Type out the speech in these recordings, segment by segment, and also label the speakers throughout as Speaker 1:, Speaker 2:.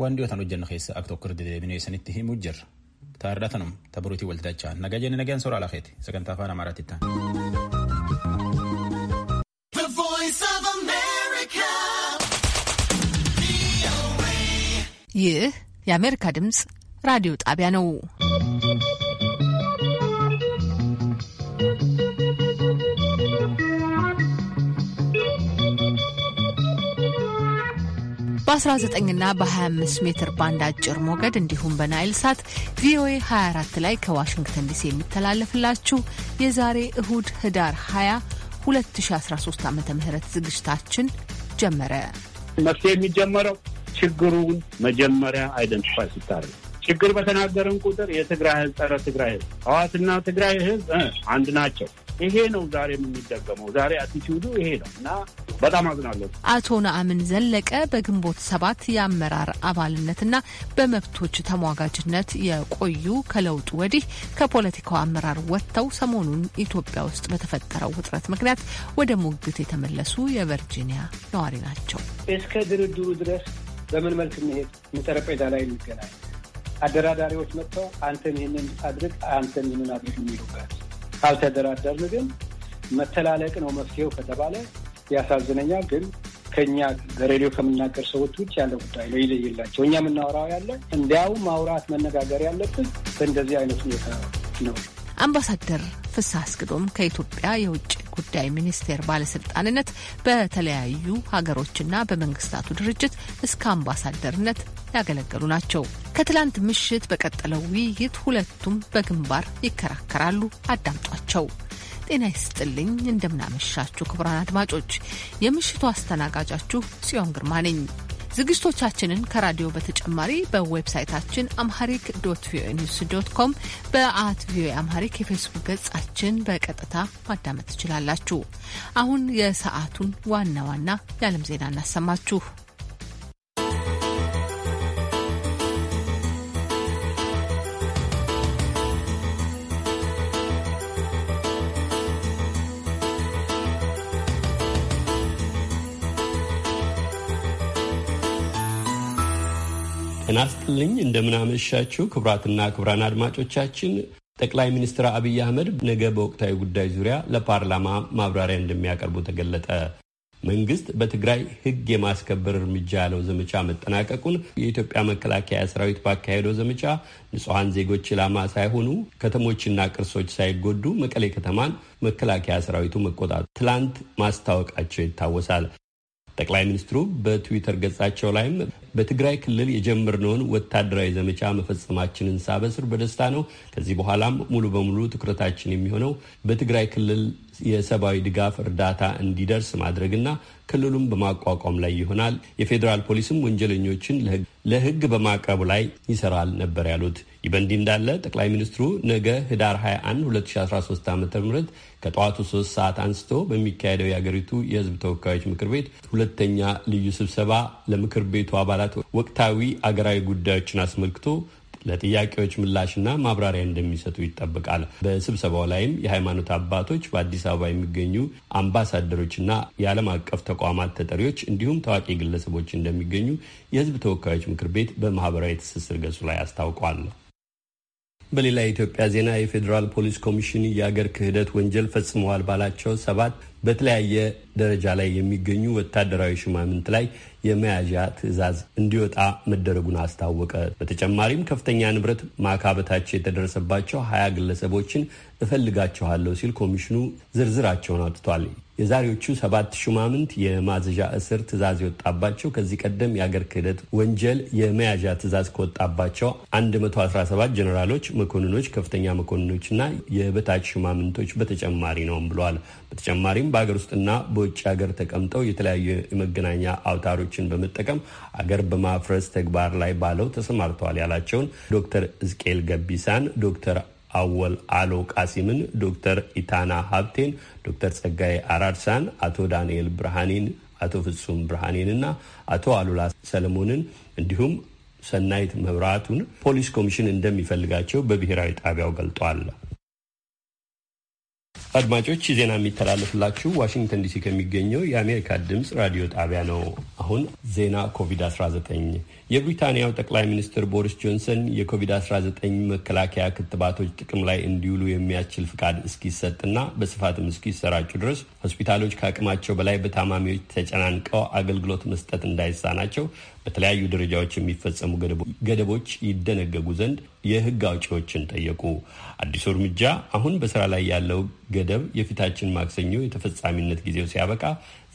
Speaker 1: waan dhiyootaan hojjennu keessa akka tokko deddeebinee isinitti himu jirra. Taardatanum tabiruutii wal dachaa nagaa jenni nagaan suuraa lafeeti sagantaa afaan amaaraatti ta'a.
Speaker 2: ይህ የአሜሪካ ድምፅ ራዲዮ ጣቢያ ነው። በ19ና በ25 ሜትር ባንድ አጭር ሞገድ እንዲሁም በናይል ሳት ቪኦኤ 24 ላይ ከዋሽንግተን ዲሲ የሚተላለፍላችሁ የዛሬ እሁድ ህዳር 20 2013 ዓ ም ዝግጅታችን ጀመረ።
Speaker 3: መፍትሄ የሚጀመረው ችግሩን መጀመሪያ አይደንቲፋይ ሲታረ ችግር በተናገርን ቁጥር የትግራይ ህዝብ ጸረ ትግራይ ህዝብ፣ ህወሓትና ትግራይ ህዝብ አንድ ናቸው ይሄ ነው ዛሬ የሚደገመው። ዛሬ አቲቲዩዱ ይሄ ነው እና በጣም አዝናለሁ።
Speaker 2: አቶ ነአምን ዘለቀ በግንቦት ሰባት የአመራር አባልነትና በመብቶች ተሟጋጅነት የቆዩ ከለውጡ ወዲህ ከፖለቲካው አመራር ወጥተው ሰሞኑን ኢትዮጵያ ውስጥ በተፈጠረው ውጥረት ምክንያት ወደ ሙግት የተመለሱ የቨርጂኒያ ነዋሪ ናቸው።
Speaker 1: እስከ ድርድሩ ድረስ በምን መልክ እንሄድ፣ ጠረጴዛ ላይ እንገናኝ፣ አደራዳሪዎች መጥተው አንተን ይህንን አድርግ፣ አንተን ይህንን አድርግ የሚሉበት ካልተደራደርን ግን መተላለቅ ነው መፍትሄው ከተባለ ያሳዝነኛል። ግን ከኛ በሬዲዮ ከምናገር ሰዎች ውጭ ያለ ጉዳይ ነው ይለይላቸው። እኛ የምናወራው ያለ እንዲያውም ማውራት መነጋገር ያለብን በእንደዚህ አይነት ሁኔታ ነው።
Speaker 2: አምባሳደር ፍስሐ አስግዶም ከኢትዮጵያ የውጭ ጉዳይ ሚኒስቴር ባለስልጣንነት በተለያዩ ሀገሮችና በመንግስታቱ ድርጅት እስከ አምባሳደርነት ያገለገሉ ናቸው። ከትላንት ምሽት በቀጠለው ውይይት ሁለቱም በግንባር ይከራከራሉ። አዳምጧቸው። ጤና ይስጥልኝ። እንደምናመሻችሁ ክቡራን አድማጮች፣ የምሽቱ አስተናጋጃችሁ ጽዮን ግርማ ነኝ። ዝግጅቶቻችንን ከራዲዮ በተጨማሪ በዌብሳይታችን አምሃሪክ ዶት ቪኦኤ ኒውስ ዶት ኮም በአት ቪኦኤ አምሃሪክ የፌስቡክ ገጻችን በቀጥታ ማዳመጥ ትችላላችሁ። አሁን የሰዓቱን ዋና ዋና የዓለም ዜና እናሰማችሁ።
Speaker 4: ጤና ስጥልኝ እንደምናመሻችሁ ክቡራትና ክቡራን አድማጮቻችን ጠቅላይ ሚኒስትር አብይ አህመድ ነገ በወቅታዊ ጉዳይ ዙሪያ ለፓርላማ ማብራሪያ እንደሚያቀርቡ ተገለጠ። መንግስት በትግራይ ህግ የማስከበር እርምጃ ያለው ዘመቻ መጠናቀቁን የኢትዮጵያ መከላከያ ሰራዊት ባካሄደው ዘመቻ ንጹሐን ዜጎች ኢላማ ሳይሆኑ ከተሞችና ቅርሶች ሳይጎዱ መቀሌ ከተማን መከላከያ ሰራዊቱ መቆጣጠር ትላንት ማስታወቃቸው ይታወሳል። ጠቅላይ ሚኒስትሩ በትዊተር ገጻቸው ላይም በትግራይ ክልል የጀመርነውን ወታደራዊ ዘመቻ መፈጸማችንን ሳበስር በደስታ ነው። ከዚህ በኋላም ሙሉ በሙሉ ትኩረታችን የሚሆነው በትግራይ ክልል የሰብአዊ ድጋፍ እርዳታ እንዲደርስ ማድረግና ክልሉም በማቋቋም ላይ ይሆናል። የፌዴራል ፖሊስም ወንጀለኞችን ለሕግ በማቅረቡ ላይ ይሰራል ነበር ያሉት። ይህ በእንዲህ እንዳለ ጠቅላይ ሚኒስትሩ ነገ ህዳር 21 2013 ዓ ም ከጠዋቱ 3 ሰዓት አንስቶ በሚካሄደው የአገሪቱ የህዝብ ተወካዮች ምክር ቤት ሁለተኛ ልዩ ስብሰባ ለምክር ቤቱ አባላት ወቅታዊ አገራዊ ጉዳዮችን አስመልክቶ ለጥያቄዎች ምላሽና ማብራሪያ እንደሚሰጡ ይጠበቃል። በስብሰባው ላይም የሃይማኖት አባቶች፣ በአዲስ አበባ የሚገኙ አምባሳደሮችና የዓለም አቀፍ ተቋማት ተጠሪዎች እንዲሁም ታዋቂ ግለሰቦች እንደሚገኙ የህዝብ ተወካዮች ምክር ቤት በማህበራዊ ትስስር ገጹ ላይ አስታውቋል። በሌላ የኢትዮጵያ ዜና የፌዴራል ፖሊስ ኮሚሽን የአገር ክህደት ወንጀል ፈጽመዋል ባላቸው ሰባት በተለያየ ደረጃ ላይ የሚገኙ ወታደራዊ ሹማምንት ላይ የመያዣ ትዕዛዝ እንዲወጣ መደረጉን አስታወቀ። በተጨማሪም ከፍተኛ ንብረት ማካበታቸው የተደረሰባቸው ሀያ ግለሰቦችን እፈልጋቸዋለሁ ሲል ኮሚሽኑ ዝርዝራቸውን አውጥቷል። የዛሬዎቹ ሰባት ሹማምንት የማዘዣ እስር ትዕዛዝ የወጣባቸው ከዚህ ቀደም የአገር ክህደት ወንጀል የመያዣ ትእዛዝ ከወጣባቸው 117 ጀኔራሎች፣ መኮንኖች፣ ከፍተኛ መኮንኖችና የበታች ሹማምንቶች በተጨማሪ ነውም ብለዋል። በተጨማሪም በአገር ውስጥና በውጭ ሀገር ተቀምጠው የተለያዩ የመገናኛ አውታሮችን በመጠቀም አገር በማፍረስ ተግባር ላይ ባለው ተሰማርተዋል ያላቸውን ዶክተር እዝቅኤል ገቢሳን ዶክተር አወል አሎ ቃሲምን፣ ዶክተር ኢታና ሀብቴን፣ ዶክተር ጸጋዬ አራርሳን፣ አቶ ዳንኤል ብርሃኔን፣ አቶ ፍጹም እና አቶ አሉላ ሰለሞንን እንዲሁም ሰናይት መብራቱን ፖሊስ ኮሚሽን እንደሚፈልጋቸው በብሔራዊ ጣቢያው ገልጧል። አድማጮች ዜና የሚተላለፍላችሁ ዋሽንግተን ዲሲ ከሚገኘው የአሜሪካ ድምፅ ራዲዮ ጣቢያ ነው። አሁን ዜና ኮቪድ-19 የብሪታንያው ጠቅላይ ሚኒስትር ቦሪስ ጆንሰን የኮቪድ-19 መከላከያ ክትባቶች ጥቅም ላይ እንዲውሉ የሚያስችል ፍቃድ እስኪሰጥና በስፋትም እስኪሰራጩ ድረስ ሆስፒታሎች ከአቅማቸው በላይ በታማሚዎች ተጨናንቀው አገልግሎት መስጠት እንዳይሳናቸው በተለያዩ ደረጃዎች የሚፈጸሙ ገደቦች ይደነገጉ ዘንድ የሕግ አውጪዎችን ጠየቁ። አዲሱ እርምጃ አሁን በስራ ላይ ያለው ገደብ የፊታችን ማክሰኞ የተፈጻሚነት ጊዜው ሲያበቃ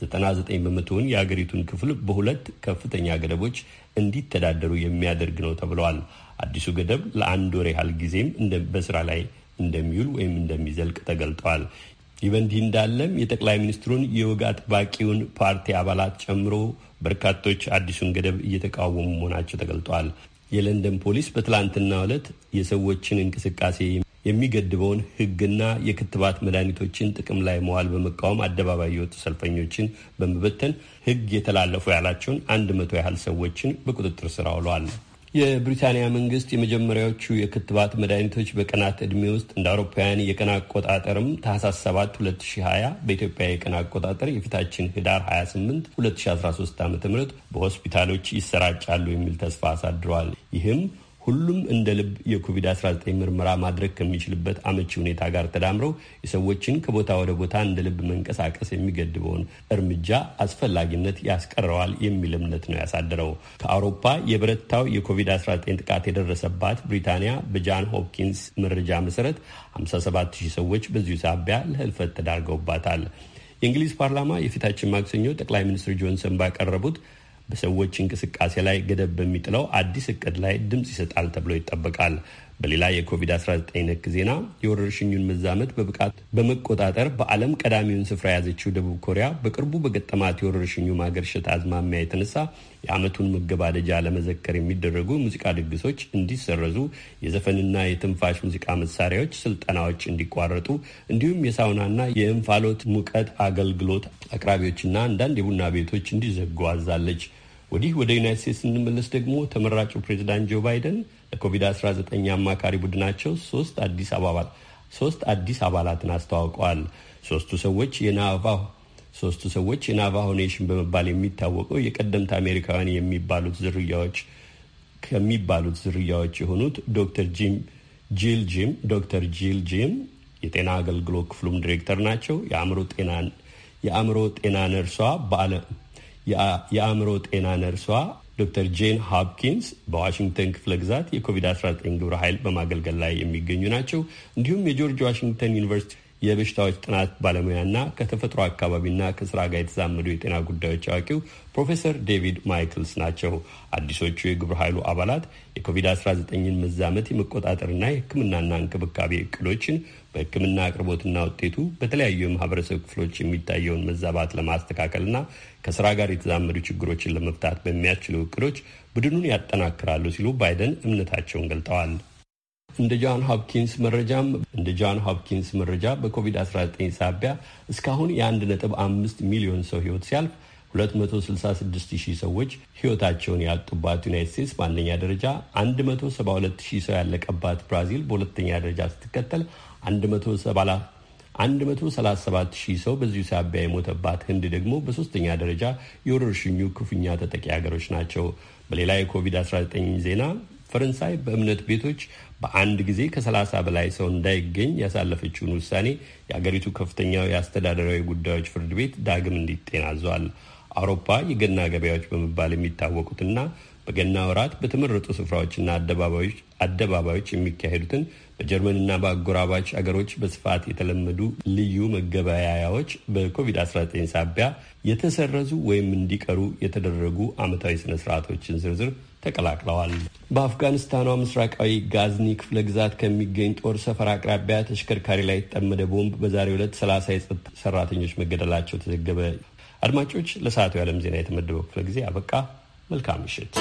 Speaker 4: 99 በመቶውን የአገሪቱን ክፍል በሁለት ከፍተኛ ገደቦች እንዲተዳደሩ የሚያደርግ ነው ተብለዋል። አዲሱ ገደብ ለአንድ ወር ያህል ጊዜም በስራ ላይ እንደሚውል ወይም እንደሚዘልቅ ተገልጠዋል። ይህ በእንዲህ እንዳለም የጠቅላይ ሚኒስትሩን የወግ አጥባቂውን ፓርቲ አባላት ጨምሮ በርካቶች አዲሱን ገደብ እየተቃወሙ መሆናቸው ተገልጠዋል። የለንደን ፖሊስ በትላንትናው ዕለት የሰዎችን እንቅስቃሴ የሚገድበውን ሕግና የክትባት መድኃኒቶችን ጥቅም ላይ መዋል በመቃወም አደባባይ የወጡ ሰልፈኞችን በመበተን ሕግ የተላለፉ ያላቸውን አንድ መቶ ያህል ሰዎችን በቁጥጥር ስር አውሏል። የብሪታንያ መንግስት የመጀመሪያዎቹ የክትባት መድኃኒቶች በቀናት ዕድሜ ውስጥ እንደ አውሮፓውያን የቀን አቆጣጠርም ታህሳስ 7 2020 በኢትዮጵያ የቀን አቆጣጠር የፊታችን ህዳር 28 2013 ዓ ም በሆስፒታሎች ይሰራጫሉ የሚል ተስፋ አሳድረዋል። ይህም ሁሉም እንደ ልብ የኮቪድ-19 ምርመራ ማድረግ ከሚችልበት አመቺ ሁኔታ ጋር ተዳምረው የሰዎችን ከቦታ ወደ ቦታ እንደ ልብ መንቀሳቀስ የሚገድበውን እርምጃ አስፈላጊነት ያስቀረዋል የሚል እምነት ነው ያሳደረው። ከአውሮፓ የበረታው የኮቪድ-19 ጥቃት የደረሰባት ብሪታንያ በጃን ሆፕኪንስ መረጃ መሰረት 57000 ሰዎች በዚሁ ሳቢያ ለህልፈት ተዳርገውባታል። የእንግሊዝ ፓርላማ የፊታችን ማክሰኞ ጠቅላይ ሚኒስትር ጆንሰን ባቀረቡት በሰዎች እንቅስቃሴ ላይ ገደብ በሚጥለው አዲስ እቅድ ላይ ድምፅ ይሰጣል ተብሎ ይጠበቃል። በሌላ የኮቪድ-19 ነክ ዜና የወረርሽኙን መዛመት በብቃት በመቆጣጠር በዓለም ቀዳሚውን ስፍራ የያዘችው ደቡብ ኮሪያ በቅርቡ በገጠማት የወረርሽኙ ማገርሸት አዝማሚያ የተነሳ የዓመቱን መገባደጃ ለመዘከር የሚደረጉ ሙዚቃ ድግሶች እንዲሰረዙ፣ የዘፈንና የትንፋሽ ሙዚቃ መሳሪያዎች ስልጠናዎች እንዲቋረጡ፣ እንዲሁም የሳውናና የእንፋሎት ሙቀት አገልግሎት አቅራቢዎችና አንዳንድ የቡና ቤቶች እንዲዘጉ አዛለች። ወዲህ ወደ ዩናይት ስቴትስ ስንመለስ ደግሞ ተመራጩ ፕሬዚዳንት ጆ ባይደን ለኮቪድ-19 አማካሪ ቡድናቸው ሶስት አዲስ አባባት ሶስት አዲስ አባላትን አስተዋውቀዋል። ሶስቱ ሰዎች የናቫሆ ሶስቱ ሰዎች የናቫሆ ኔሽን በመባል የሚታወቀው የቀደምት አሜሪካውያን የሚባሉት ዝርያዎች ከሚባሉት ዝርያዎች የሆኑት ዶክተር ጂም ጂል ጂም ዶክተር ጂል ጂም የጤና አገልግሎት ክፍሉም ዲሬክተር ናቸው። የአእምሮ ጤና የአእምሮ ጤና ነርሷ የአእምሮ ጤና ነርሷ ዶክተር ጄን ሆፕኪንስ በዋሽንግተን ክፍለ ግዛት የኮቪድ-19 ግብረ ኃይል በማገልገል ላይ የሚገኙ ናቸው። እንዲሁም የጆርጅ ዋሽንግተን ዩኒቨርሲቲ የበሽታዎች ጥናት ባለሙያና ከተፈጥሮ አካባቢና ከስራ ጋር የተዛመዱ የጤና ጉዳዮች አዋቂው ፕሮፌሰር ዴቪድ ማይክልስ ናቸው። አዲሶቹ የግብረ ኃይሉ አባላት የኮቪድ-19ን መዛመት የመቆጣጠርና የሕክምናና እንክብካቤ እቅዶችን በሕክምና አቅርቦትና ውጤቱ በተለያዩ የማህበረሰብ ክፍሎች የሚታየውን መዛባት ለማስተካከልና ከስራ ጋር የተዛመዱ ችግሮችን ለመፍታት በሚያስችሉ እቅዶች ቡድኑን ያጠናክራሉ ሲሉ ባይደን እምነታቸውን ገልጠዋል። እንደ ጆን ሆፕኪንስ መረጃም እንደ ጆን ሆፕኪንስ መረጃ በኮቪድ-19 ሳቢያ እስካሁን የአንድ 15 ሚሊዮን ሰው ህይወት ሲያልፍ 266,000 ሰዎች ህይወታቸውን ያጡባት ዩናይት ስቴትስ በአንደኛ ደረጃ፣ 172,000 ሰው ያለቀባት ብራዚል በሁለተኛ ደረጃ ስትከተል፣ ሺህ ሰው በዚሁ ሳቢያ የሞተባት ህንድ ደግሞ በሶስተኛ ደረጃ የወረርሽኙ ክፉኛ ተጠቂ ሀገሮች ናቸው። በሌላ የኮቪድ-19 ዜና ፈረንሳይ በእምነት ቤቶች በአንድ ጊዜ ከሰላሳ በላይ ሰው እንዳይገኝ ያሳለፈችውን ውሳኔ የአገሪቱ ከፍተኛው የአስተዳደራዊ ጉዳዮች ፍርድ ቤት ዳግም እንዲጤን አውሮፓ የገና ገበያዎች በመባል የሚታወቁትና በገና ወራት በተመረጡ ስፍራዎችና አደባባዮች የሚካሄዱትን በጀርመንና በአጎራባች አገሮች በስፋት የተለመዱ ልዩ መገበያያዎች በኮቪድ-19 ሳቢያ የተሰረዙ ወይም እንዲቀሩ የተደረጉ ዓመታዊ ስነስርዓቶችን ዝርዝር ተቀላቅለዋል። በአፍጋኒስታኗ ምስራቃዊ ጋዝኒ ክፍለ ግዛት ከሚገኝ ጦር ሰፈር አቅራቢያ ተሽከርካሪ ላይ የተጠመደ ቦምብ በዛሬው ዕለት ሰላሳ የጸጥታ ሰራተኞች መገደላቸው ተዘገበ። አድማጮች፣ ለሰዓቱ የዓለም ዜና የተመደበው ክፍለ ጊዜ አበቃ። መልካም ምሽት።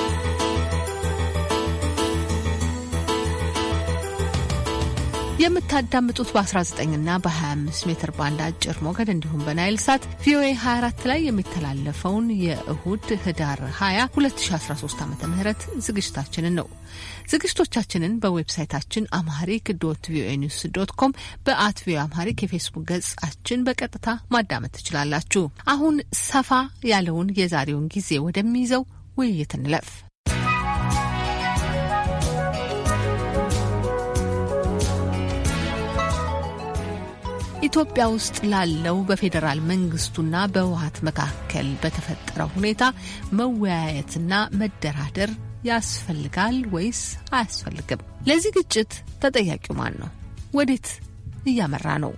Speaker 2: የምታዳምጡት በ19 እና በ25 ሜትር ባንድ አጭር ሞገድ እንዲሁም በናይል ሳት ቪኦኤ 24 ላይ የሚተላለፈውን የእሁድ ህዳር 20 2013 ዓ ም ዝግጅታችንን ነው። ዝግጅቶቻችንን በዌብሳይታችን አምሃሪክ ዶት ቪኦኤ ኒውስ ዶት ኮም በአት ቪኦኤ አምሃሪክ የፌስቡክ ገጻችን በቀጥታ ማዳመጥ ትችላላችሁ። አሁን ሰፋ ያለውን የዛሬውን ጊዜ ወደሚይዘው ውይይት እንለፍ። ኢትዮጵያ ውስጥ ላለው በፌዴራል መንግስቱና በህወሀት መካከል በተፈጠረው ሁኔታ መወያየትና መደራደር ያስፈልጋል ወይስ አያስፈልግም? ለዚህ ግጭት ተጠያቂው ማን ነው? ወዴት እያመራ ነው?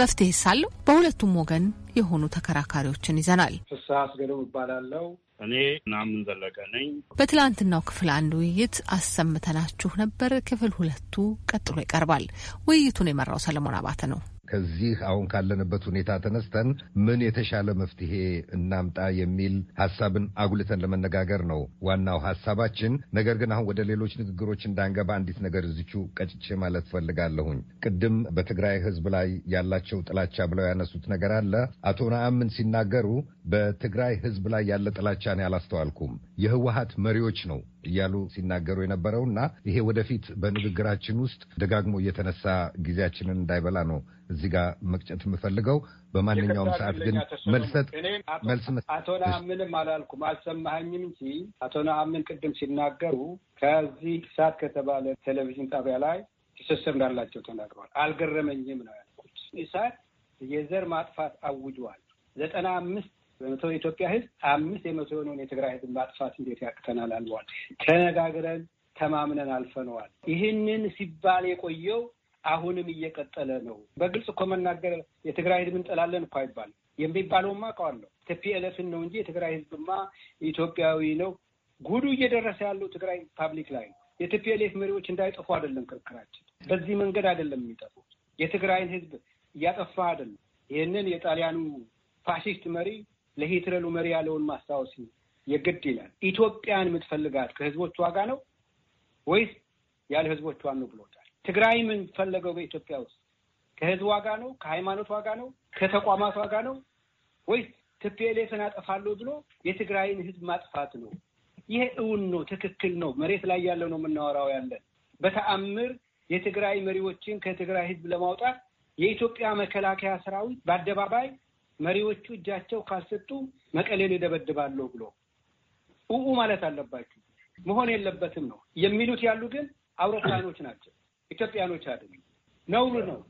Speaker 2: መፍትሄ ሳለው በሁለቱም ወገን የሆኑ ተከራካሪዎችን ይዘናል።
Speaker 3: ፍስሀ አስገዶም እባላለሁ። እኔ ናምን ዘለቀ ነኝ።
Speaker 2: በትላንትናው ክፍል አንድ ውይይት አሰምተናችሁ ነበር። ክፍል ሁለቱ ቀጥሎ ይቀርባል። ውይይቱን የመራው ሰለሞን አባተ ነው።
Speaker 5: ከዚህ አሁን ካለንበት ሁኔታ ተነስተን ምን የተሻለ መፍትሄ እናምጣ የሚል ሀሳብን አጉልተን ለመነጋገር ነው ዋናው ሀሳባችን። ነገር ግን አሁን ወደ ሌሎች ንግግሮች እንዳንገባ አንዲት ነገር እዚቹ ቀጭቼ ማለት ፈልጋለሁኝ። ቅድም በትግራይ ሕዝብ ላይ ያላቸው ጥላቻ ብለው ያነሱት ነገር አለ። አቶ ነአምን ሲናገሩ በትግራይ ሕዝብ ላይ ያለ ጥላቻ ነው ያላስተዋልኩም የህወሀት መሪዎች ነው እያሉ ሲናገሩ እና ይሄ ወደፊት በንግግራችን ውስጥ ደጋግሞ እየተነሳ ጊዜያችንን እንዳይበላ ነው እዚህ ጋር መቅጨት የምፈልገው በማንኛውም ሰዓት ግን መልሰጥ መልስ አቶ ነአምንም
Speaker 1: አላልኩም አልሰማኸኝም እንጂ አቶ ነአምን ቅድም ሲናገሩ ከዚህ ሳት ከተባለ ቴሌቪዥን ጣቢያ ላይ ትስስር እንዳላቸው ተናግረዋል። አልገረመኝም ነው ያልኩት። ኢሳት የዘር ማጥፋት አውጇል። ዘጠና አምስት በመቶ የኢትዮጵያ ሕዝብ አምስት የመቶ የሆነውን የትግራይ ሕዝብ ማጥፋት እንዴት ያቅተናል አልዋል። ተነጋግረን ተማምነን አልፈነዋል። ይህንን ሲባል የቆየው አሁንም እየቀጠለ ነው። በግልጽ እኮ መናገር የትግራይ ህዝብ እንጠላለን እኮ አይባልም። የሚባለውማ አውቀዋለሁ ቲፒኤልኤፍን ነው እንጂ የትግራይ ህዝብማ ኢትዮጵያዊ ነው። ጉዱ እየደረሰ ያለው ትግራይ ፓብሊክ ላይ ነው። የቲፒኤልኤፍ መሪዎች እንዳይጠፉ አይደለም ክርክራችን፣ በዚህ መንገድ አይደለም የሚጠፉ የትግራይን ህዝብ እያጠፋ አይደለም። ይህንን የጣሊያኑ ፋሽስት መሪ ለሂትለሉ መሪ ያለውን ማስታወስ የግድ ይላል። ኢትዮጵያን የምትፈልጋት ከህዝቦቿ ጋር ነው ወይስ ያለ ህዝቦቿን ነው ብሎታል። ትግራይ ምን ፈለገው? በኢትዮጵያ ውስጥ ከህዝብ ዋጋ ነው? ከሃይማኖት ዋጋ ነው? ከተቋማት ዋጋ ነው ወይስ ትፒኤልኤፍን አጠፋለሁ ብሎ የትግራይን ህዝብ ማጥፋት ነው? ይሄ እውን ነው፣ ትክክል ነው። መሬት ላይ ያለው ነው የምናወራው ያለን በተአምር የትግራይ መሪዎችን ከትግራይ ህዝብ ለማውጣት የኢትዮጵያ መከላከያ ሰራዊት በአደባባይ መሪዎቹ እጃቸው ካልሰጡ መቀሌን ይደበድባለሁ ብሎ ኡኡ ማለት አለባችሁ። መሆን የለበትም ነው የሚሉት ያሉ ግን አውሮፕላኖች ናቸው። ኢትዮጵያኖች አይደሉም። ነውር ነው።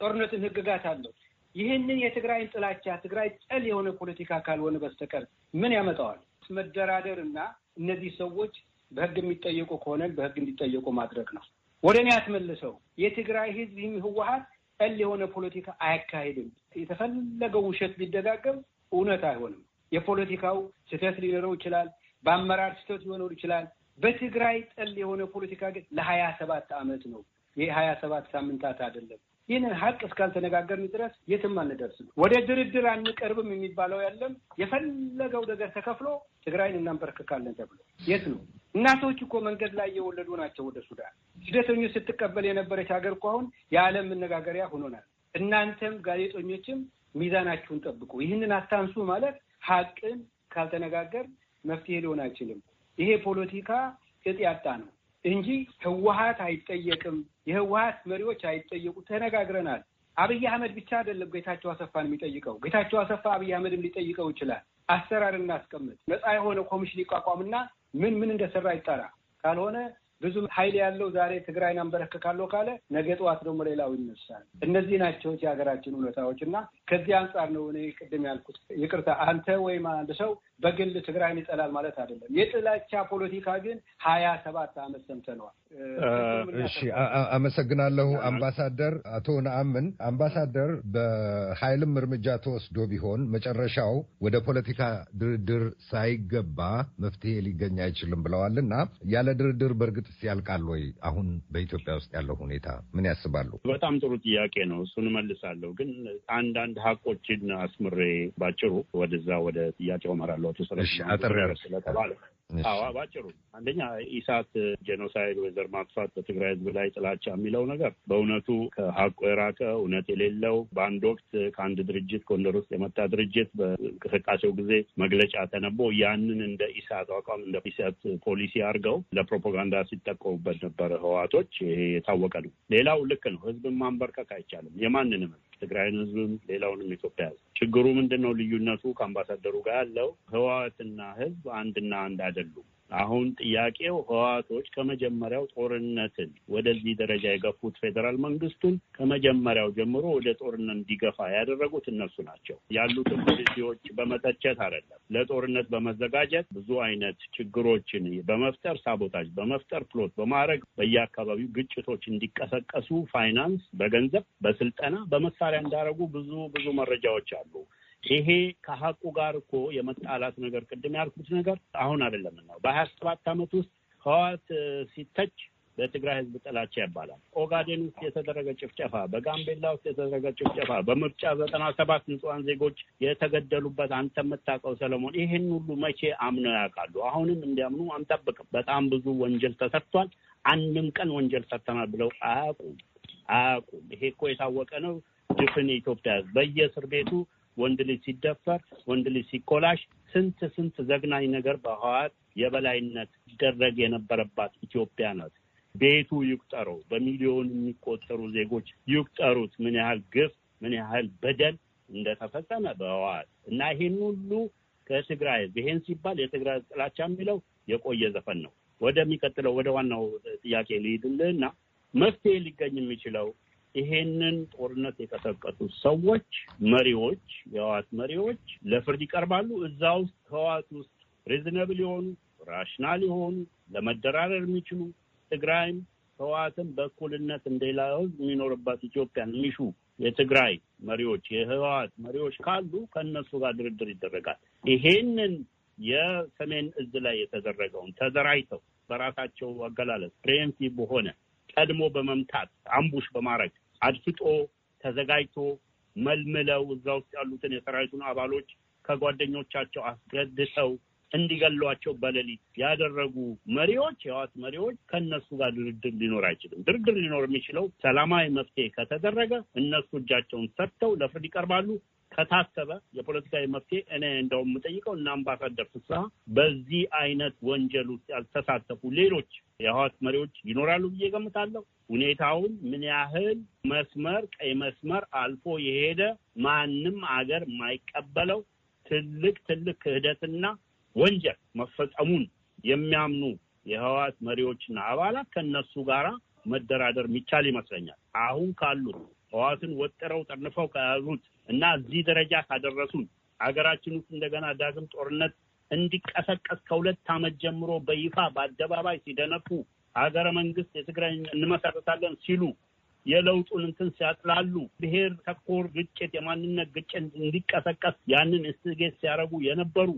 Speaker 1: ጦርነትን ህግጋት አለው። ይህንን የትግራይን ጥላቻ ትግራይ ጠል የሆነ ፖለቲካ ካልሆነ በስተቀር ምን ያመጣዋል? መደራደር እና እነዚህ ሰዎች በህግ የሚጠየቁ ከሆነ በህግ እንዲጠየቁ ማድረግ ነው። ወደ እኔ አትመልሰው። የትግራይ ህዝብ ይህም ህወሀት ጠል የሆነ ፖለቲካ አያካሄድም የተፈለገው ውሸት ቢደጋገም እውነት አይሆንም። የፖለቲካው ስህተት ሊኖረው ይችላል። በአመራር ስህተት ሊሆነው ይችላል። በትግራይ ጠል የሆነ ፖለቲካ ግን ለሀያ ሰባት አመት ነው የሀያ ሰባት ሳምንታት አይደለም። ይህንን ሀቅ እስካልተነጋገርን ድረስ የትም አንደርስም። ወደ ድርድር አንቀርብም የሚባለው ያለም የፈለገው ነገር ተከፍሎ ትግራይን እናንበረክካለን ተብሎ የት ነው? እናቶች እኮ መንገድ ላይ እየወለዱ ናቸው። ወደ ሱዳን ስደተኞች ስትቀበል የነበረች ሀገር እኮ አሁን የዓለም መነጋገሪያ ሆኖናል። እናንተም ጋዜጠኞችም ሚዛናችሁን ጠብቁ። ይህንን አታንሱ ማለት ሀቅን ካልተነጋገር መፍትሄ ሊሆን አይችልም። ይሄ ፖለቲካ ቅጥ ያጣ ነው። እንጂ ህወሀት አይጠየቅም፣ የህወሀት መሪዎች አይጠየቁ ተነጋግረናል። አብይ አህመድ ብቻ አይደለም ጌታቸው አሰፋን የሚጠይቀው። ጌታቸው አሰፋ አብይ አህመድም ሊጠይቀው ይችላል። አሰራር እናስቀምጥ። ነፃ የሆነ ኮሚሽን ይቋቋምና ምን ምን እንደሰራ ይጠራ። ካልሆነ ብዙ ኃይል ያለው ዛሬ ትግራይን አንበረክካለሁ ካለ ነገ ጠዋት ደግሞ ሌላው ይነሳል። እነዚህ ናቸው የሀገራችን እውነታዎች እና ከዚህ አንጻር ነው እኔ ቅድም ያልኩት። ይቅርታ አንተ ወይም አንድ ሰው በግል ትግራይን ይጠላል ማለት አይደለም። የጥላቻ ፖለቲካ ግን ሀያ ሰባት አመት ሰምተነዋል።
Speaker 5: እሺ አመሰግናለሁ አምባሳደር አቶ ነአምን። አምባሳደር በኃይልም እርምጃ ተወስዶ ቢሆን መጨረሻው ወደ ፖለቲካ ድርድር ሳይገባ መፍትሄ ሊገኝ አይችልም ብለዋል እና ያለ ድርድር በእርግጥ በግጭት ያልቃል ወይ? አሁን በኢትዮጵያ ውስጥ ያለው ሁኔታ ምን ያስባሉ? በጣም ጥሩ
Speaker 3: ጥያቄ ነው። እሱን እመልሳለሁ፣ ግን አንዳንድ ሀቆችን አስምሬ ባጭሩ ወደዛ ወደ ጥያቄው እመራለሁ። ስለተባለ አዎ ባጭሩ፣ አንደኛ ኢሳት ጄኖሳይድ ወይዘር ማጥፋት በትግራይ ህዝብ ላይ ጥላቻ የሚለው ነገር በእውነቱ ከሀቁ የራቀ እውነት የሌለው በአንድ ወቅት ከአንድ ድርጅት ጎንደር ውስጥ የመጣ ድርጅት በእንቅስቃሴው ጊዜ መግለጫ ተነቦ ያንን እንደ ኢሳት አቋም እንደ ኢሳት ፖሊሲ አድርገው ለፕሮፓጋንዳ ሲጠቀሙበት ነበረ ህዋቶች። ይሄ የታወቀ ነው። ሌላው ልክ ነው። ህዝብን ማንበርከክ አይቻልም። የማንንም ትግራይን ህዝብም ሌላውንም ኢትዮጵያ ህዝብ። ችግሩ ምንድን ነው? ልዩነቱ ከአምባሳደሩ ጋር ያለው ህወሓትና ህዝብ አንድና አንድ አይደሉም። አሁን ጥያቄው ህዋቶች ከመጀመሪያው ጦርነትን ወደዚህ ደረጃ የገፉት ፌዴራል መንግስቱን ከመጀመሪያው ጀምሮ ወደ ጦርነት እንዲገፋ ያደረጉት እነሱ ናቸው። ያሉትን ፖሊሲዎች በመተቸት አይደለም፣ ለጦርነት በመዘጋጀት ብዙ አይነት ችግሮችን በመፍጠር ሳቦታጅ በመፍጠር ፕሎት በማድረግ በየአካባቢው ግጭቶች እንዲቀሰቀሱ ፋይናንስ በገንዘብ በስልጠና በመሳሪያ እንዳደረጉ ብዙ ብዙ መረጃዎች አሉ። ይሄ ከሀቁ ጋር እኮ የመጣላት ነገር ቅድም ያልኩት ነገር አሁን አይደለም ነው። በሀያ ሰባት ዓመት ውስጥ ህዋት ሲተች በትግራይ ህዝብ ጥላቻ ይባላል። ኦጋዴን ውስጥ የተደረገ ጭፍጨፋ፣ በጋምቤላ ውስጥ የተደረገ ጭፍጨፋ፣ በምርጫ ዘጠና ሰባት ንጹሐን ዜጎች የተገደሉበት አንተ የምታውቀው ሰለሞን፣ ይህን ሁሉ መቼ አምነው ያውቃሉ? አሁንም እንዲያምኑ አንጠብቅም። በጣም ብዙ ወንጀል ተሰርቷል። አንድም ቀን ወንጀል ሰርተናል ብለው አያውቁም አያውቁም። ይሄ እኮ የታወቀ ነው። ድፍን ኢትዮጵያ ህዝብ በየእስር ቤቱ ወንድ ልጅ ሲደፈር፣ ወንድ ልጅ ሲኮላሽ፣ ስንት ስንት ዘግናኝ ነገር በህወሓት የበላይነት ይደረግ የነበረባት ኢትዮጵያ ናት። ቤቱ ይቁጠረው። በሚሊዮን የሚቆጠሩ ዜጎች ይቁጠሩት፣ ምን ያህል ግፍ፣ ምን ያህል በደል እንደተፈጸመ በህወሓት እና ይሄን ሁሉ ከትግራይ ህዝብ ይሄን ሲባል የትግራይ ጥላቻ የሚለው የቆየ ዘፈን ነው። ወደሚቀጥለው ወደ ዋናው ጥያቄ ልሂድልህና መፍትሄ ሊገኝ የሚችለው ይሄንን ጦርነት የቀሰቀሱት ሰዎች መሪዎች፣ የህዋት መሪዎች ለፍርድ ይቀርባሉ። እዛ ውስጥ ህዋት ውስጥ ሪዝነብል የሆኑ ራሽናል የሆኑ ለመደራደር የሚችሉ ትግራይም ህዋትን በእኩልነት እንደሌላ ህዝብ የሚኖርባት ኢትዮጵያን የሚሹ የትግራይ መሪዎች የህወሀት መሪዎች ካሉ ከእነሱ ጋር ድርድር ይደረጋል። ይሄንን የሰሜን እዝ ላይ የተደረገውን ተደራጅተው በራሳቸው አገላለጽ ፕሬምቲ በሆነ ቀድሞ በመምታት አምቡሽ በማድረግ አድፍጦ ተዘጋጅቶ መልምለው እዛ ውስጥ ያሉትን የሰራዊቱን አባሎች ከጓደኞቻቸው አስገድተው እንዲገሏቸው በሌሊት ያደረጉ መሪዎች የህዋት መሪዎች ከእነሱ ጋር ድርድር ሊኖር አይችልም። ድርድር ሊኖር የሚችለው ሰላማዊ መፍትሄ ከተደረገ እነሱ እጃቸውን ሰጥተው ለፍርድ ይቀርባሉ። ከታሰበ የፖለቲካዊ መፍትሄ እኔ እንደውም የምጠይቀው እና አምባሳደር ፍስሐ በዚህ አይነት ወንጀል ውስጥ ያልተሳተፉ ሌሎች የህወሓት መሪዎች ይኖራሉ ብዬ ገምታለሁ። ሁኔታውን ምን ያህል መስመር ቀይ መስመር አልፎ የሄደ ማንም አገር የማይቀበለው ትልቅ ትልቅ ክህደትና ወንጀል መፈጸሙን የሚያምኑ የህዋት መሪዎችና አባላት ከነሱ ጋራ መደራደር የሚቻል ይመስለኛል። አሁን ካሉት ህዋትን ወጥረው ጠንፈው ከያዙት እና እዚህ ደረጃ ካደረሱን አገራችን ውስጥ እንደገና ዳግም ጦርነት እንዲቀሰቀስ ከሁለት ዓመት ጀምሮ በይፋ በአደባባይ ሲደነፉ ሀገረ መንግስት የትግራይ እንመሰረታለን ሲሉ የለውጡን እንትን ሲያጥላሉ ብሔር ተኮር ግጭት፣ የማንነት ግጭት እንዲቀሰቀስ ያንን ኢንስቲጌት ሲያደርጉ የነበሩ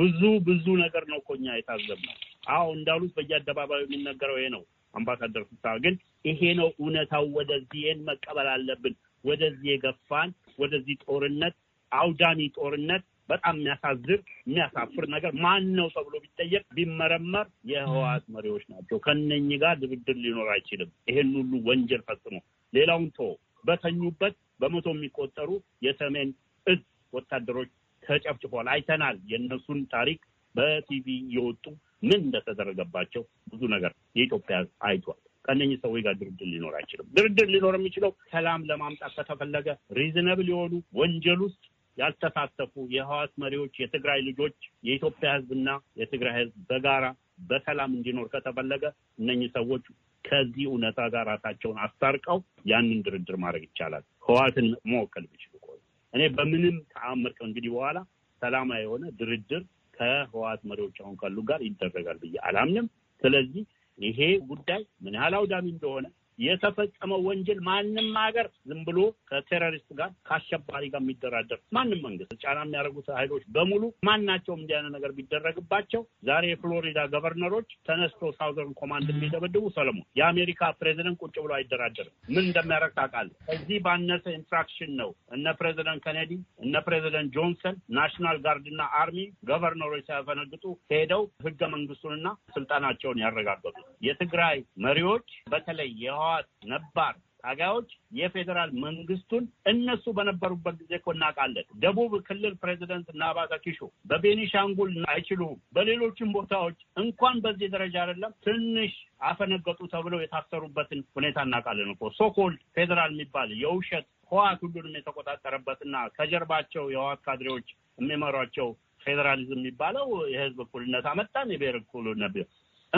Speaker 3: ብዙ ብዙ ነገር ነው እኮ እኛ የታዘብነው። አዎ እንዳሉት በየአደባባዩ የሚነገረው ይሄ ነው። አምባሳደር ፍስሐ ግን ይሄ ነው እውነታው። ወደዚህ ይህን መቀበል አለብን። ወደዚህ የገፋን ወደዚህ ጦርነት አውዳሚ ጦርነት በጣም የሚያሳዝብ የሚያሳፍር ነገር ማን ነው ተብሎ ቢጠየቅ ቢመረመር የህወሓት መሪዎች ናቸው። ከነኚህ ጋር ድብድር ሊኖር አይችልም። ይሄን ሁሉ ወንጀል ፈጽሞ ሌላውን ቶ በተኙበት በመቶ የሚቆጠሩ የሰሜን እዝ ወታደሮች ተጨፍጭፏል። አይተናል። የእነሱን ታሪክ በቲቪ የወጡ ምን እንደተደረገባቸው ብዙ ነገር የኢትዮጵያ አይቷል። ከእነኝህ ሰዎች ጋር ድርድር ሊኖር አይችልም። ድርድር ሊኖር የሚችለው ሰላም ለማምጣት ከተፈለገ ሪዝነብል የሆኑ ወንጀል ውስጥ ያልተሳተፉ የህዋት መሪዎች የትግራይ ልጆች የኢትዮጵያ ህዝብና የትግራይ ህዝብ በጋራ በሰላም እንዲኖር ከተፈለገ እነኚህ ሰዎች ከዚህ እውነታ ጋር ራሳቸውን አስታርቀው ያንን ድርድር ማድረግ ይቻላል። ህዋትን መወከል ቢችሉ ቆይ እኔ በምንም ተአምር እንግዲህ በኋላ ሰላማዊ የሆነ ድርድር ከህዋት መሪዎች አሁን ካሉ ጋር ይደረጋል ብዬ አላምንም። ስለዚህ ይሄ ጉዳይ ምን ያህል አውዳሚ እንደሆነ የተፈጸመው ወንጀል ማንም ሀገር ዝም ብሎ ከቴሮሪስት ጋር ከአሸባሪ ጋር የሚደራደር ማንም መንግስት ጫና የሚያደርጉት ኃይሎች በሙሉ ማናቸውም እንዲህ አይነት ነገር ቢደረግባቸው ዛሬ የፍሎሪዳ ገቨርነሮች ተነስቶ ሳውዘርን ኮማንድ የሚደበድቡ ሰለሞን የአሜሪካ ፕሬዚደንት ቁጭ ብሎ አይደራደርም። ምን እንደሚያደርግ ታውቃለህ? ከዚህ ባነሰ ኢንስትራክሽን ነው እነ ፕሬዚደንት ከኔዲ እነ ፕሬዚደንት ጆንሰን ናሽናል ጋርድና አርሚ ገቨርነሮች ሳያፈነግጡ ሄደው ህገ መንግስቱንና ስልጣናቸውን ያረጋገጡ የትግራይ መሪዎች በተለይ የህወሓት ነባር ታጋዮች የፌዴራል መንግስቱን እነሱ በነበሩበት ጊዜ እኮ እናውቃለን። ደቡብ ክልል ፕሬዚደንት ናባታ ኪሾ፣ በቤኒሻንጉል አይችሉም፣ በሌሎችም ቦታዎች እንኳን በዚህ ደረጃ አይደለም ትንሽ አፈነገጡ ተብለው የታሰሩበትን ሁኔታ እናውቃለን እኮ ሶኮል ፌዴራል የሚባል የውሸት ህወሓት ሁሉንም የተቆጣጠረበትና ከጀርባቸው የህወሓት ካድሬዎች የሚመሯቸው ፌዴራሊዝም የሚባለው የህዝብ እኩልነት አመጣን፣ የብሔር እኩልነት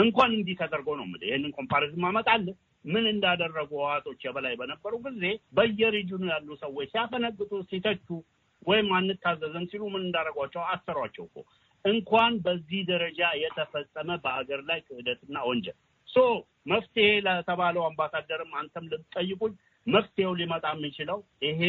Speaker 3: እንኳን እንዲህ ተደርጎ ነው ይህንን ኮምፓሪዝም አመጣለን። ምን እንዳደረጉ ህዋቶች የበላይ በነበሩ ጊዜ በየሪጅኑ ያሉ ሰዎች ሲያፈነግጡ፣ ሲተቹ ወይም አንታዘዘም ሲሉ ምን እንዳደረጓቸው አሰሯቸው እኮ እንኳን በዚህ ደረጃ የተፈጸመ በሀገር ላይ ክህደትና ወንጀል ሶ መፍትሄ ለተባለው አምባሳደርም አንተም ልትጠይቁኝ መፍትሄው ሊመጣ የሚችለው ይሄ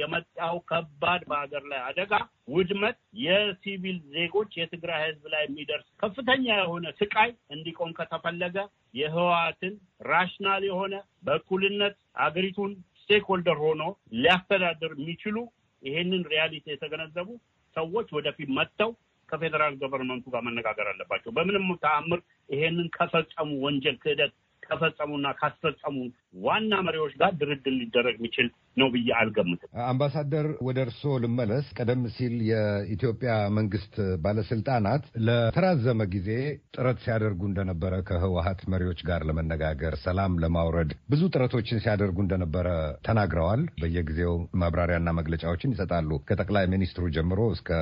Speaker 3: የመጣው ከባድ በሀገር ላይ አደጋ ውድመት፣ የሲቪል ዜጎች የትግራይ ህዝብ ላይ የሚደርስ ከፍተኛ የሆነ ስቃይ እንዲቆም ከተፈለገ የህወሓትን ራሽናል የሆነ በእኩልነት አገሪቱን ስቴክ ሆልደር ሆኖ ሊያስተዳድር የሚችሉ ይሄንን ሪያሊቲ የተገነዘቡ ሰዎች ወደፊት መጥተው ከፌዴራል ገቨርንመንቱ ጋር መነጋገር አለባቸው። በምንም ተአምር ይሄንን ከፈጸሙ ወንጀል ክህደት ከፈጸሙና ካስፈጸሙ ዋና መሪዎች ጋር ድርድር ሊደረግ የሚችል ነው ብዬ አልገምትም።
Speaker 5: አምባሳደር ወደ እርስዎ ልመለስ። ቀደም ሲል የኢትዮጵያ መንግስት ባለስልጣናት ለተራዘመ ጊዜ ጥረት ሲያደርጉ እንደነበረ ከህወሀት መሪዎች ጋር ለመነጋገር ሰላም ለማውረድ ብዙ ጥረቶችን ሲያደርጉ እንደነበረ ተናግረዋል። በየጊዜው ማብራሪያና መግለጫዎችን ይሰጣሉ፣ ከጠቅላይ ሚኒስትሩ ጀምሮ እስከ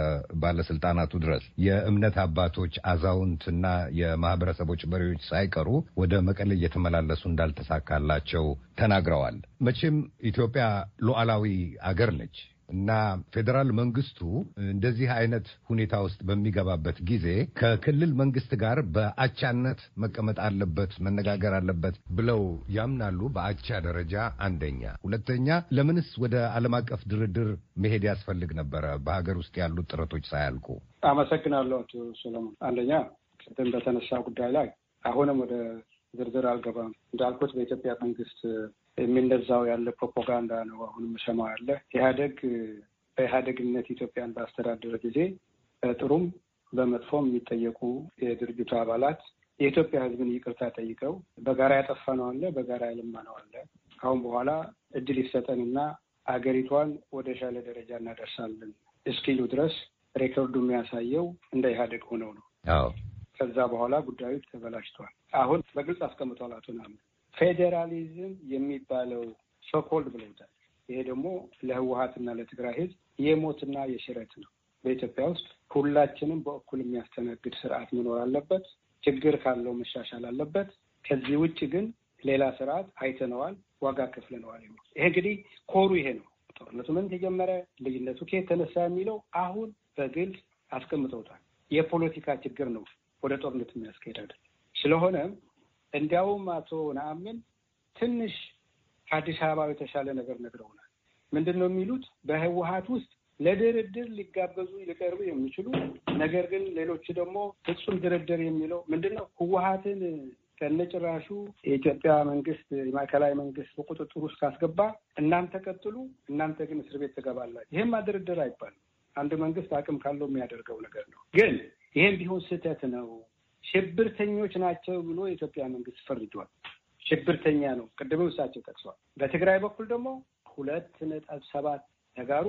Speaker 5: ባለስልጣናቱ ድረስ። የእምነት አባቶች አዛውንትና የማህበረሰቦች መሪዎች ሳይቀሩ ወደ መቀሌ እየተመላለሱ እንዳልተሳካላቸው ተናግረዋል። መቼም ኢትዮጵያ ሉዓላዊ አገር ነች እና ፌዴራል መንግስቱ እንደዚህ አይነት ሁኔታ ውስጥ በሚገባበት ጊዜ ከክልል መንግስት ጋር በአቻነት መቀመጥ አለበት፣ መነጋገር አለበት ብለው ያምናሉ። በአቻ ደረጃ አንደኛ። ሁለተኛ ለምንስ ወደ ዓለም አቀፍ ድርድር መሄድ ያስፈልግ ነበረ? በሀገር ውስጥ ያሉት ጥረቶች ሳያልቁ።
Speaker 1: አመሰግናለሁ አቶ ሰለሞን። አንደኛ ቅድም በተነሳ ጉዳይ ላይ አሁንም ወደ ዝርዝር አልገባም። እንዳልኩት በኢትዮጵያ መንግስት የሚነዛው ያለ ፕሮፓጋንዳ ነው። አሁንም ሰማው ያለ ኢህአደግ በኢህአደግነት ኢትዮጵያን ባስተዳደረ ጊዜ በጥሩም በመጥፎም የሚጠየቁ የድርጅቱ አባላት የኢትዮጵያ ሕዝብን ይቅርታ ጠይቀው በጋራ ያጠፋ ነው አለ በጋራ ያለማ ነው አለ አሁን በኋላ እድል ይሰጠንና አገሪቷን ወደ ሻለ ደረጃ እናደርሳለን እስኪሉ ድረስ ሬኮርዱ የሚያሳየው እንደ ኢህአደግ ሆነው ነው። ከዛ በኋላ ጉዳዩ ተበላሽቷል። አሁን በግልጽ አስቀምጠዋል። አቶ ናም ፌዴራሊዝም የሚባለው ሶኮልድ ብለውታል። ይሄ ደግሞ ለህወሀትና ለትግራይ ህዝብ የሞትና የሽረት ነው። በኢትዮጵያ ውስጥ ሁላችንም በእኩል የሚያስተናግድ ስርዓት መኖር አለበት። ችግር ካለው መሻሻል አለበት። ከዚህ ውጭ ግን ሌላ ስርዓት አይተነዋል፣ ዋጋ ከፍለነዋል። ይሄ እንግዲህ ኮሩ ይሄ ነው። ጦርነቱ ምን ተጀመረ፣ ልዩነቱ ከየት ተነሳ የሚለው አሁን በግልጽ አስቀምጠውታል። የፖለቲካ ችግር ነው ወደ ጦርነት የሚያስኬድ አይደለም። ስለሆነም እንዲያውም አቶ ናአምን ትንሽ ከአዲስ አበባ የተሻለ ነገር ነግረውናል። ምንድን ነው የሚሉት? በህወሀት ውስጥ ለድርድር ሊጋበዙ ሊቀርቡ የሚችሉ ነገር ግን ሌሎቹ ደግሞ ፍጹም ድርድር የሚለው ምንድን ነው ህወሀትን ከነጭራሹ የኢትዮጵያ መንግስት የማዕከላዊ መንግስት በቁጥጥር ውስጥ ካስገባ እናንተ ቀጥሉ፣ እናንተ ግን እስር ቤት ትገባላችሁ። ይህም ድርድር አይባልም። አንድ መንግስት አቅም ካለው የሚያደርገው ነገር ነው። ግን ይሄም ቢሆን ስህተት ነው ሽብርተኞች ናቸው ብሎ የኢትዮጵያ መንግስት ፈርጇል። ሽብርተኛ ነው፣ ቅድምም እሳቸው ጠቅሰዋል። በትግራይ በኩል ደግሞ ሁለት ነጥብ ሰባት ተጋሩ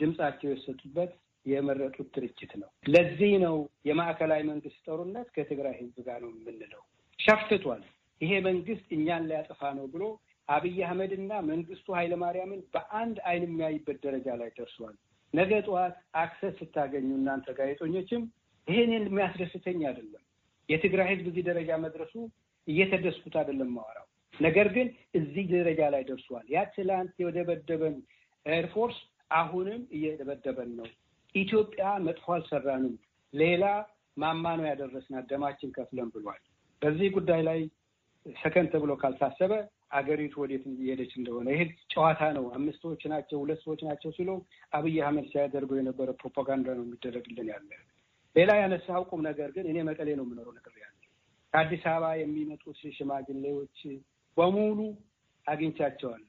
Speaker 1: ድምጻቸው የሰጡበት የመረጡት ድርጅት ነው። ለዚህ ነው የማዕከላዊ መንግስት ጦርነት ከትግራይ ህዝብ ጋር ነው የምንለው። ሸፍትቷል። ይሄ መንግስት እኛን ሊያጠፋ ነው ብሎ አብይ አህመድ እና መንግስቱ ኃይለማርያምን በአንድ አይን የሚያይበት ደረጃ ላይ ደርሷል። ነገ ጠዋት አክሰስ ስታገኙ እናንተ ጋዜጠኞችም ይሄን የሚያስደስተኝ አይደለም የትግራይ ህዝብ እዚህ ደረጃ መድረሱ እየተደስኩት አይደለም ማወራው ነገር ግን እዚህ ደረጃ ላይ ደርሷል። ያ ትላንት የደበደበን ኤርፎርስ አሁንም እየደበደበን ነው። ኢትዮጵያ መጥፎ አልሰራንም፣ ሌላ ማማ ነው ያደረስናት ደማችን ከፍለን ብሏል። በዚህ ጉዳይ ላይ ሰከን ተብሎ ካልታሰበ አገሪቱ ወዴት እየሄደች እንደሆነ ይህ ጨዋታ ነው። አምስት ሰዎች ናቸው፣ ሁለት ሰዎች ናቸው ሲሉ አብይ አህመድ ሲያደርገው የነበረ ፕሮፓጋንዳ ነው የሚደረግልን ያለ ሌላ ያነሳው ቁም ነገር ግን እኔ መቀሌ ነው የምኖረው ነግሬያለሁ። ከአዲስ አበባ የሚመጡት ሽማግሌዎች በሙሉ አግኝቻቸዋል።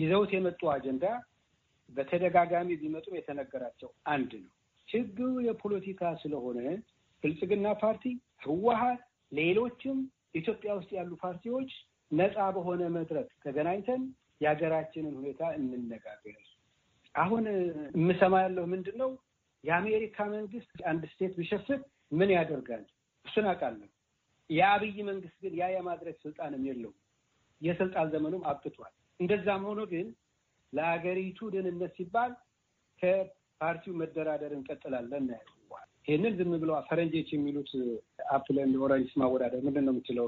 Speaker 1: ይዘውት የመጡ አጀንዳ በተደጋጋሚ ቢመጡም የተነገራቸው አንድ ነው። ችግሩ የፖለቲካ ስለሆነ ብልጽግና ፓርቲ፣ ህወሀት፣ ሌሎችም ኢትዮጵያ ውስጥ ያሉ ፓርቲዎች ነፃ በሆነ መድረክ ተገናኝተን የሀገራችንን ሁኔታ እንነጋገር። አሁን የምሰማ ያለው ምንድን ነው? የአሜሪካ መንግስት አንድ ስቴት ቢሸፍን ምን ያደርጋል? እሱን አውቃለሁ። የአብይ መንግስት ግን ያ የማድረግ ስልጣንም የለውም። የስልጣን ዘመኑም አብቅቷል። እንደዛም ሆኖ ግን ለአገሪቱ ደህንነት ሲባል ከፓርቲው መደራደር እንቀጥላለን ነው ይህንን ዝም ብለው ፈረንጆች የሚሉት አፕለን ኦረንጅ ማወዳደር ምንድን ነው የምችለው?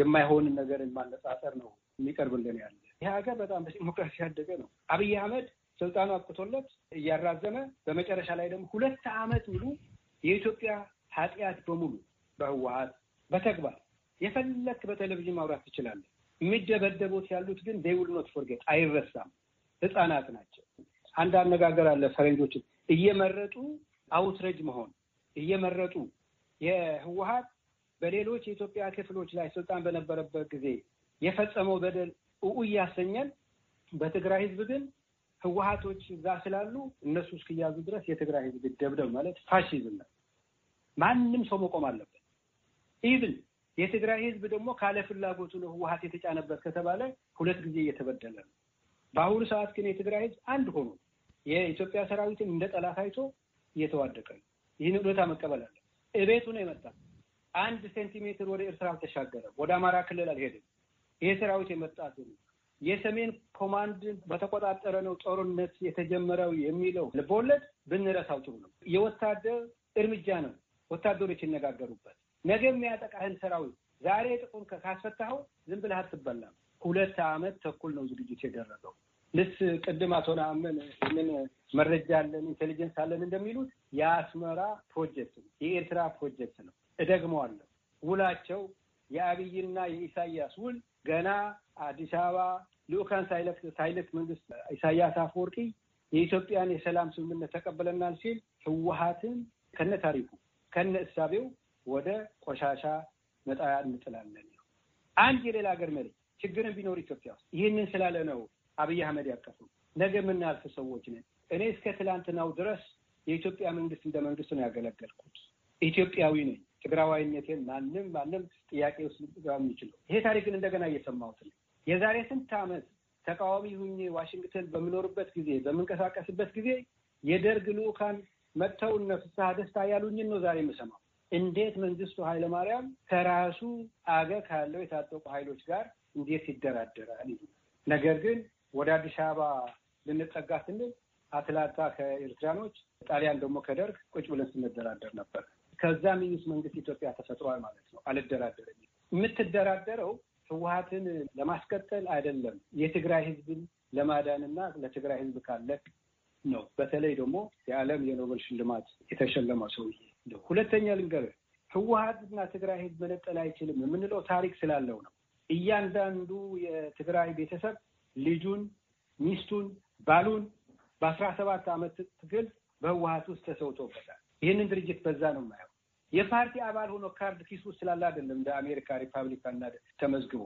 Speaker 1: የማይሆን ነገርን ማነጻጸር ነው የሚቀርብልን ያለ። ይህ ሀገር በጣም በዲሞክራሲ ያደገ ነው። አብይ አህመድ ስልጣኑ አብቅቶለት እያራዘመ በመጨረሻ ላይ ደግሞ ሁለት ዓመት ሙሉ የኢትዮጵያ ኃጢአት በሙሉ በህወሀት በተግባር የፈለክ በቴሌቪዥን ማውራት ትችላለህ። የሚደበደቡት ያሉት ግን ዴውል ኖት ፎርጌት አይረሳም። ህጻናት ናቸው። አንድ አነጋገር አለ ፈረንጆችን እየመረጡ አውትረጅ መሆን እየመረጡ የህወሀት በሌሎች የኢትዮጵያ ክፍሎች ላይ ስልጣን በነበረበት ጊዜ የፈጸመው በደል እኡ እያሰኘን በትግራይ ህዝብ ግን ህወሀቶች እዛ ስላሉ እነሱ እስክያዙ ድረስ የትግራይ ህዝብ ደብደብ ማለት ፋሽዝም ነው። ማንም ሰው መቆም አለበት። ኢቭን የትግራይ ህዝብ ደግሞ ካለ ፍላጎቱ ነው ህወሀት የተጫነበት ከተባለ ሁለት ጊዜ እየተበደለ ነው። በአሁኑ ሰዓት ግን የትግራይ ህዝብ አንድ ሆኖ የኢትዮጵያ ሰራዊትን እንደ ጠላት አይቶ እየተዋደቀ ነው። ይህን እውነታ መቀበል አለ። እቤቱ ነው የመጣ አንድ ሴንቲሜትር ወደ ኤርትራ አልተሻገረም። ወደ አማራ ክልል አልሄደም። ይሄ ሰራዊት የመጣት ነው የሰሜን ኮማንድ በተቆጣጠረ ነው ጦርነት የተጀመረው የሚለው ልቦለድ ብንረሳው ጥሩ ነው። የወታደር እርምጃ ነው። ወታደሮች ይነጋገሩበት። ነገ የሚያጠቃህን ሰራዊት ዛሬ ጥቁን ካስፈታኸው ዝም ብለህ አትበላም። ሁለት ዓመት ተኩል ነው ዝግጅት የደረገው። ልስ ቅድም አቶ ነአምን ምን መረጃ አለን ኢንቴሊጀንስ አለን እንደሚሉት የአስመራ ፕሮጀክት ነው፣ የኤርትራ ፕሮጀክት ነው። እደግመዋለሁ ውላቸው የአብይና የኢሳያስ ውል ገና አዲስ አበባ ልኡካን ሳይልክ መንግስት ኢሳያስ አፈወርቂ የኢትዮጵያን የሰላም ስምምነት ተቀብለናል ሲል ህወሀትን ከነ ታሪኩ ከነ እሳቤው ወደ ቆሻሻ መጣያ እንጥላለን። አንድ የሌላ ሀገር መሪ ችግርን ቢኖር ኢትዮጵያ ውስጥ ይህንን ስላለ ነው አብይ አህመድ ያቀፉ። ነገ የምናልፍ ሰዎች ነን። እኔ እስከ ትላንትናው ድረስ የኢትዮጵያ መንግስት እንደ መንግስት ነው ያገለገልኩት። ኢትዮጵያዊ ነኝ። ትግራዋይነቴን ማንም ማንም ጥያቄ ውስጥ ሊገባ የሚችለው ይሄ ታሪክን እንደገና እየሰማሁት ነው። የዛሬ ስንት አመት ተቃዋሚ ሁኜ ዋሽንግተን በምኖርበት ጊዜ በምንቀሳቀስበት ጊዜ የደርግ ልኡካን መጥተው እነ ፍስሐ ደስታ ያሉኝን ነው ዛሬ የምሰማው። እንዴት መንግስቱ ኃይለማርያም ከራሱ አገ ካለው የታጠቁ ኃይሎች ጋር እንዴት ይደራደራል? ነገር ግን ወደ አዲስ አበባ ልንጠጋ ስንል አትላንታ ከኤርትራኖች፣ ጣሊያን ደግሞ ከደርግ ቁጭ ብለን ስንደራደር ነበር። ከዛ ሚኒስ መንግስት ኢትዮጵያ ተፈጥሯል ማለት ነው። አልደራደርም። የምትደራደረው ህወሀትን ለማስቀጠል አይደለም፣ የትግራይ ህዝብን ለማዳንና ለትግራይ ህዝብ ካለ ነው። በተለይ ደግሞ የዓለም የኖበል ሽልማት የተሸለመው ሰውዬ። ሁለተኛ ልንገርህ፣ ህወሀትና ትግራይ ህዝብ መነጠል አይችልም የምንለው ታሪክ ስላለው ነው። እያንዳንዱ የትግራይ ቤተሰብ ልጁን፣ ሚስቱን፣ ባሉን በአስራ ሰባት ዓመት ትግል በህወሀት ውስጥ ተሰውቶበታል። ይህንን ድርጅት በዛ ነው ማየ የፓርቲ አባል ሆኖ ካርድ ኪስ ውስጥ ስላለ አይደለም እንደ አሜሪካ ሪፐብሊካና ተመዝግቦ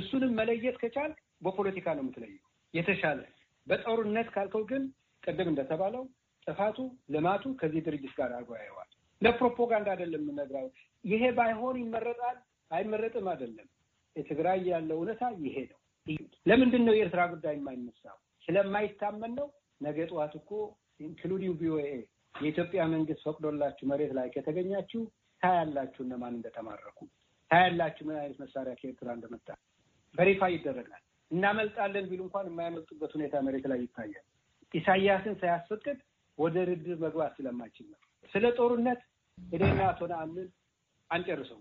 Speaker 1: እሱንም መለየት ከቻል በፖለቲካ ነው የምትለየው የተሻለ በጦርነት ካልከው ግን ቅድም እንደተባለው ጥፋቱ ልማቱ ከዚህ ድርጅት ጋር አርጎ ያየዋል። ለፕሮፓጋንዳ አይደለም የምነግራው ይሄ ባይሆን ይመረጣል አይመረጥም አይደለም። የትግራይ ያለው እውነታ ይሄ ነው። ለምንድን ነው የኤርትራ ጉዳይ የማይነሳው? ስለማይታመን ነው። ነገ ጠዋት እኮ ኢንክሉዲንግ ቪኦኤ የኢትዮጵያ መንግስት ፈቅዶላችሁ መሬት ላይ ከተገኛችሁ ታያላችሁ እነማን እንደተማረኩ፣ ታያላችሁ ምን አይነት መሳሪያ ከኤርትራ እንደመጣ በሪፋ ይደረጋል። እናመልጣለን ቢሉ እንኳን የማያመልጡበት ሁኔታ መሬት ላይ ይታያል። ኢሳያስን ሳያስፈቅድ ወደ ድርድር መግባት ስለማይችል ነው። ስለ ጦርነት እኔና አቶ ነአምን አንጨርሰው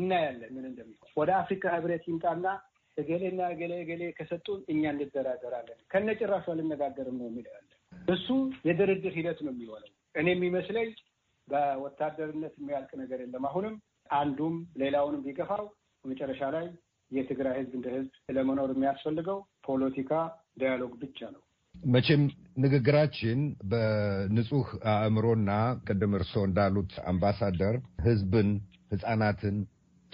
Speaker 1: እናያለን ምን እንደሚሆን። ወደ አፍሪካ ህብረት ይምጣና እገሌና እገሌ እገሌ ከሰጡን እኛ እንደራደራለን ከነ አልነጋገርም ነው የሚል እሱ የድርድር ሂደት ነው የሚሆነው። እኔ የሚመስለኝ በወታደርነት የሚያልቅ ነገር የለም። አሁንም አንዱም ሌላውንም ቢገፋው መጨረሻ ላይ የትግራይ ህዝብ እንደ ህዝብ ለመኖር የሚያስፈልገው ፖለቲካ ዳያሎግ ብቻ ነው።
Speaker 5: መቼም ንግግራችን በንጹህ አእምሮና ቅድም እርስዎ እንዳሉት አምባሳደር ህዝብን፣ ህጻናትን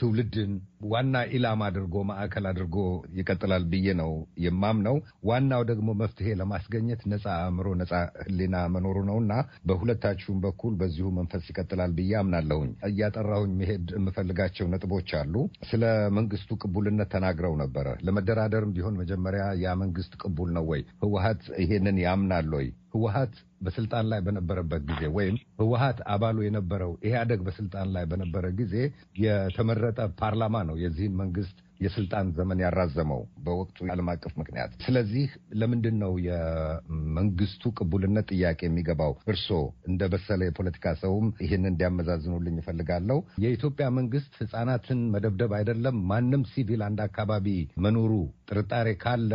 Speaker 5: ትውልድን ዋና ኢላማ አድርጎ ማዕከል አድርጎ ይቀጥላል ብዬ ነው የማምነው። ዋናው ደግሞ መፍትሄ ለማስገኘት ነፃ አእምሮ፣ ነፃ ህሊና መኖሩ እና በሁለታችሁም በኩል በዚሁ መንፈስ ይቀጥላል ብዬ አምናለሁኝ። እያጠራሁኝ መሄድ የምፈልጋቸው ነጥቦች አሉ። ስለ መንግስቱ ቅቡልነት ተናግረው ነበረ። ለመደራደርም ቢሆን መጀመሪያ ያ መንግስት ቅቡል ነው ወይ? ህወሀት ይሄንን ያምናል ወይ? ህወሀት በስልጣን ላይ በነበረበት ጊዜ ወይም ህወሀት አባሉ የነበረው ኢህአደግ በስልጣን ላይ በነበረ ጊዜ የተመረጠ ፓርላማ ነው የዚህን መንግስት የስልጣን ዘመን ያራዘመው በወቅቱ የዓለም አቀፍ ምክንያት። ስለዚህ ለምንድን ነው የመንግስቱ ቅቡልነት ጥያቄ የሚገባው? እርስዎ እንደ በሰለ የፖለቲካ ሰውም ይህን እንዲያመዛዝኑልኝ ይፈልጋለሁ። የኢትዮጵያ መንግስት ህጻናትን መደብደብ አይደለም ማንም ሲቪል አንድ አካባቢ መኖሩ ጥርጣሬ ካለ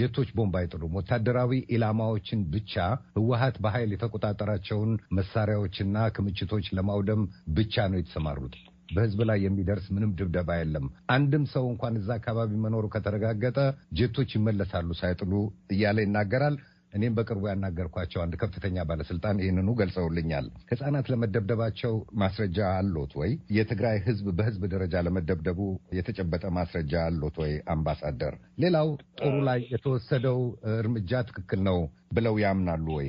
Speaker 5: ጀቶች ቦምብ አይጥሉም። ወታደራዊ ኢላማዎችን ብቻ ህወሀት በኃይል የተቆጣጠራቸውን መሳሪያዎችና ክምችቶች ለማውደም ብቻ ነው የተሰማሩት። በህዝብ ላይ የሚደርስ ምንም ድብደባ የለም። አንድም ሰው እንኳን እዛ አካባቢ መኖሩ ከተረጋገጠ ጀቶች ይመለሳሉ ሳይጥሉ እያለ ይናገራል። እኔም በቅርቡ ያናገርኳቸው አንድ ከፍተኛ ባለስልጣን ይህንኑ ገልጸውልኛል። ህጻናት ለመደብደባቸው ማስረጃ አሎት ወይ? የትግራይ ህዝብ በህዝብ ደረጃ ለመደብደቡ የተጨበጠ ማስረጃ አሎት ወይ? አምባሳደር፣ ሌላው ጦሩ ላይ የተወሰደው እርምጃ ትክክል ነው ብለው ያምናሉ ወይ?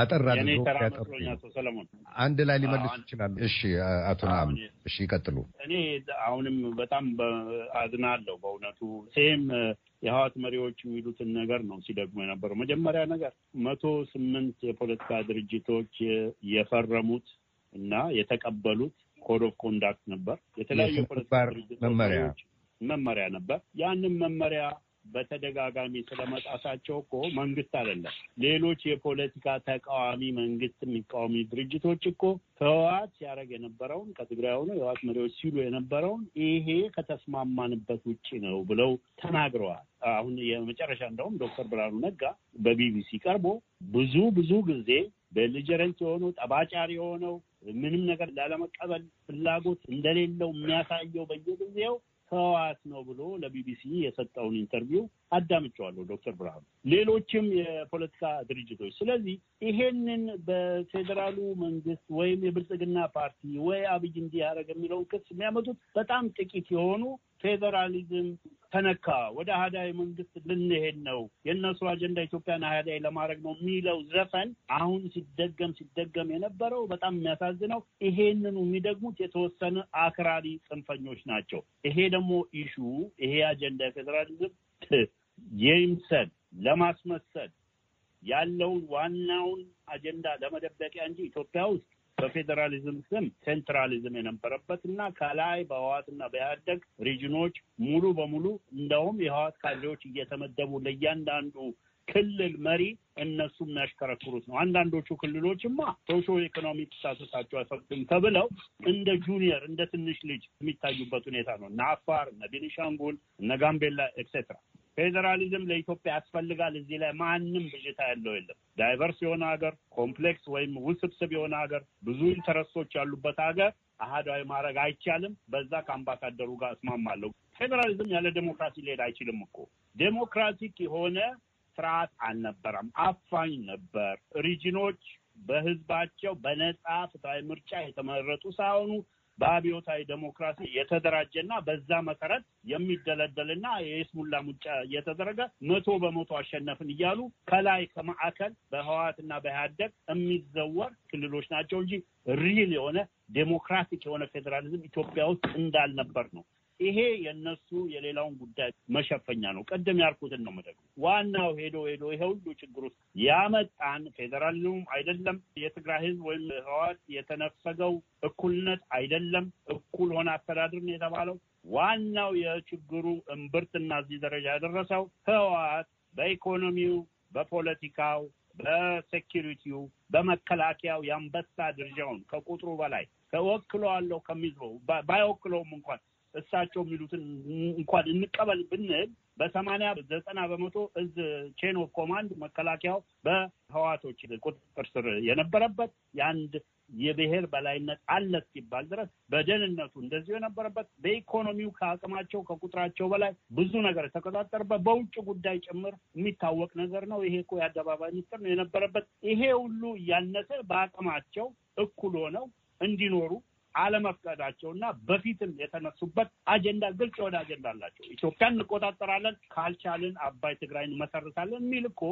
Speaker 5: አጠር አድርገው አንድ ላይ ሊመልሱ ይችላሉ። እሺ አቶ ናም፣ እሺ ይቀጥሉ።
Speaker 3: እኔ አሁንም በጣም አዝናለሁ በእውነቱ ሴም የህዋት መሪዎች የሚሉትን ነገር ነው ሲደግሞ የነበረው። መጀመሪያ ነገር መቶ ስምንት የፖለቲካ ድርጅቶች የፈረሙት እና የተቀበሉት ኮድ ኦፍ ኮንዳክት ነበር። የተለያዩ የፖለቲካ ድርጅቶች መመሪያ ነበር። ያንን መመሪያ በተደጋጋሚ ስለመጣሳቸው እኮ መንግስት አይደለም ሌሎች የፖለቲካ ተቃዋሚ መንግስት የሚቃወሚ ድርጅቶች እኮ ህወሓት ሲያደርግ የነበረውን ከትግራይ ሆነ የህወሓት መሪዎች ሲሉ የነበረውን ይሄ ከተስማማንበት ውጭ ነው ብለው ተናግረዋል። አሁን የመጨረሻ እንደውም ዶክተር ብርሃኑ ነጋ በቢቢሲ ቀርቦ ብዙ ብዙ ጊዜ በልጀረንት የሆነው ጠባጫሪ የሆነው ምንም ነገር ላለመቀበል ፍላጎት እንደሌለው የሚያሳየው በየጊዜው ህዋት ነው ብሎ ለቢቢሲ የሰጠውን ኢንተርቪው አዳምጨዋለሁ ዶክተር ብርሃኑ ሌሎችም የፖለቲካ ድርጅቶች። ስለዚህ ይሄንን በፌዴራሉ መንግስት ወይም የብልጽግና ፓርቲ ወይ አብይ እንዲህ ያደረገ የሚለውን ክስ የሚያመጡት በጣም ጥቂት የሆኑ ፌዴራሊዝም ተነካ፣ ወደ አህዳዊ መንግስት ልንሄድ ነው፣ የእነሱ አጀንዳ ኢትዮጵያን አህዳዊ ለማድረግ ነው የሚለው ዘፈን አሁን ሲደገም ሲደገም የነበረው በጣም የሚያሳዝነው ይሄንኑ የሚደግሙት የተወሰኑ አክራሪ ጽንፈኞች ናቸው። ይሄ ደግሞ ኢሹ ይሄ አጀንዳ የፌዴራሊዝም የይምሰል ለማስመሰል ያለውን ዋናውን አጀንዳ ለመደበቂያ እንጂ ኢትዮጵያ ውስጥ በፌዴራሊዝም ስም ሴንትራሊዝም የነበረበት እና ከላይ በህዋት እና በኢህአደግ ሪጅኖች ሙሉ በሙሉ እንደውም የህዋት ካድሬዎች እየተመደቡ ለእያንዳንዱ ክልል መሪ እነሱ የሚያሽከረክሩት ነው። አንዳንዶቹ ክልሎችማ ሶሾ ኢኮኖሚክ ሳሰሳቸው አይፈቅድም ተብለው እንደ ጁኒየር እንደ ትንሽ ልጅ የሚታዩበት ሁኔታ ነው። እነ አፋር፣ እነ ቤኒሻንጉል፣ እነ ጋምቤላ ኤክሴትራ ፌዴራሊዝም ለኢትዮጵያ ያስፈልጋል። እዚህ ላይ ማንም ብዥታ ያለው የለም። ዳይቨርስ የሆነ ሀገር፣ ኮምፕሌክስ ወይም ውስብስብ የሆነ ሀገር፣ ብዙ ኢንተረስቶች ያሉበት ሀገር አህዳዊ ማድረግ አይቻልም። በዛ ከአምባሳደሩ ጋር እስማማለሁ። ፌዴራሊዝም ያለ ዴሞክራሲ ሊሄድ አይችልም እኮ ዴሞክራቲክ የሆነ ስርዓት አልነበረም። አፋኝ ነበር። ሪጅኖች በህዝባቸው በነጻ ፍትሐዊ ምርጫ የተመረጡ ሳይሆኑ በአብዮታዊ ዴሞክራሲ የተደራጀና በዛ መሰረት የሚደለደልና የስሙላ ሙጫ እየተደረገ መቶ በመቶ አሸነፍን እያሉ ከላይ ከማዕከል በህወሓትና በኢህአዴግ የሚዘወር ክልሎች ናቸው እንጂ ሪል የሆነ ዴሞክራቲክ የሆነ ፌዴራሊዝም ኢትዮጵያ ውስጥ እንዳልነበር ነው ይሄ የእነሱ የሌላውን ጉዳይ መሸፈኛ ነው። ቀደም ያልኩትን ነው መደግ ዋናው ሄዶ ሄዶ ይሄ ሁሉ ችግር ውስጥ ያመጣን ፌዴራሉም አይደለም፣ የትግራይ ህዝብ ወይም ህዋት የተነፈገው እኩልነት አይደለም፣ እኩል ሆነ አስተዳድርን የተባለው ዋናው የችግሩ እምብርትና እዚህ ደረጃ ያደረሰው ህዋት በኢኮኖሚው፣ በፖለቲካው፣ በሴኪሪቲው፣ በመከላከያው የአንበሳ ድርጃውን ከቁጥሩ በላይ አለው ከሚዝበው ባይወክለውም እንኳን እሳቸው የሚሉትን እንኳን እንቀበል ብንል በሰማንያ ዘጠና በመቶ እዝ ቼን ኦፍ ኮማንድ መከላከያው በህዋቶች ቁጥጥር ስር የነበረበት የአንድ የብሔር በላይነት አለ ሲባል ድረስ በደህንነቱ እንደዚሁ የነበረበት በኢኮኖሚው ከአቅማቸው ከቁጥራቸው በላይ ብዙ ነገር የተቆጣጠረበት በውጭ ጉዳይ ጭምር የሚታወቅ ነገር ነው። ይሄ እኮ የአደባባይ ሚስጥር ነው የነበረበት። ይሄ ሁሉ እያነሰ በአቅማቸው እኩል ሆነው እንዲኖሩ አለመፍቀዳቸውና በፊትም የተነሱበት አጀንዳ ግልጽ የሆነ አጀንዳ አላቸው። ኢትዮጵያን እንቆጣጠራለን፣ ካልቻልን አባይ ትግራይ እንመሰርታለን የሚል እኮ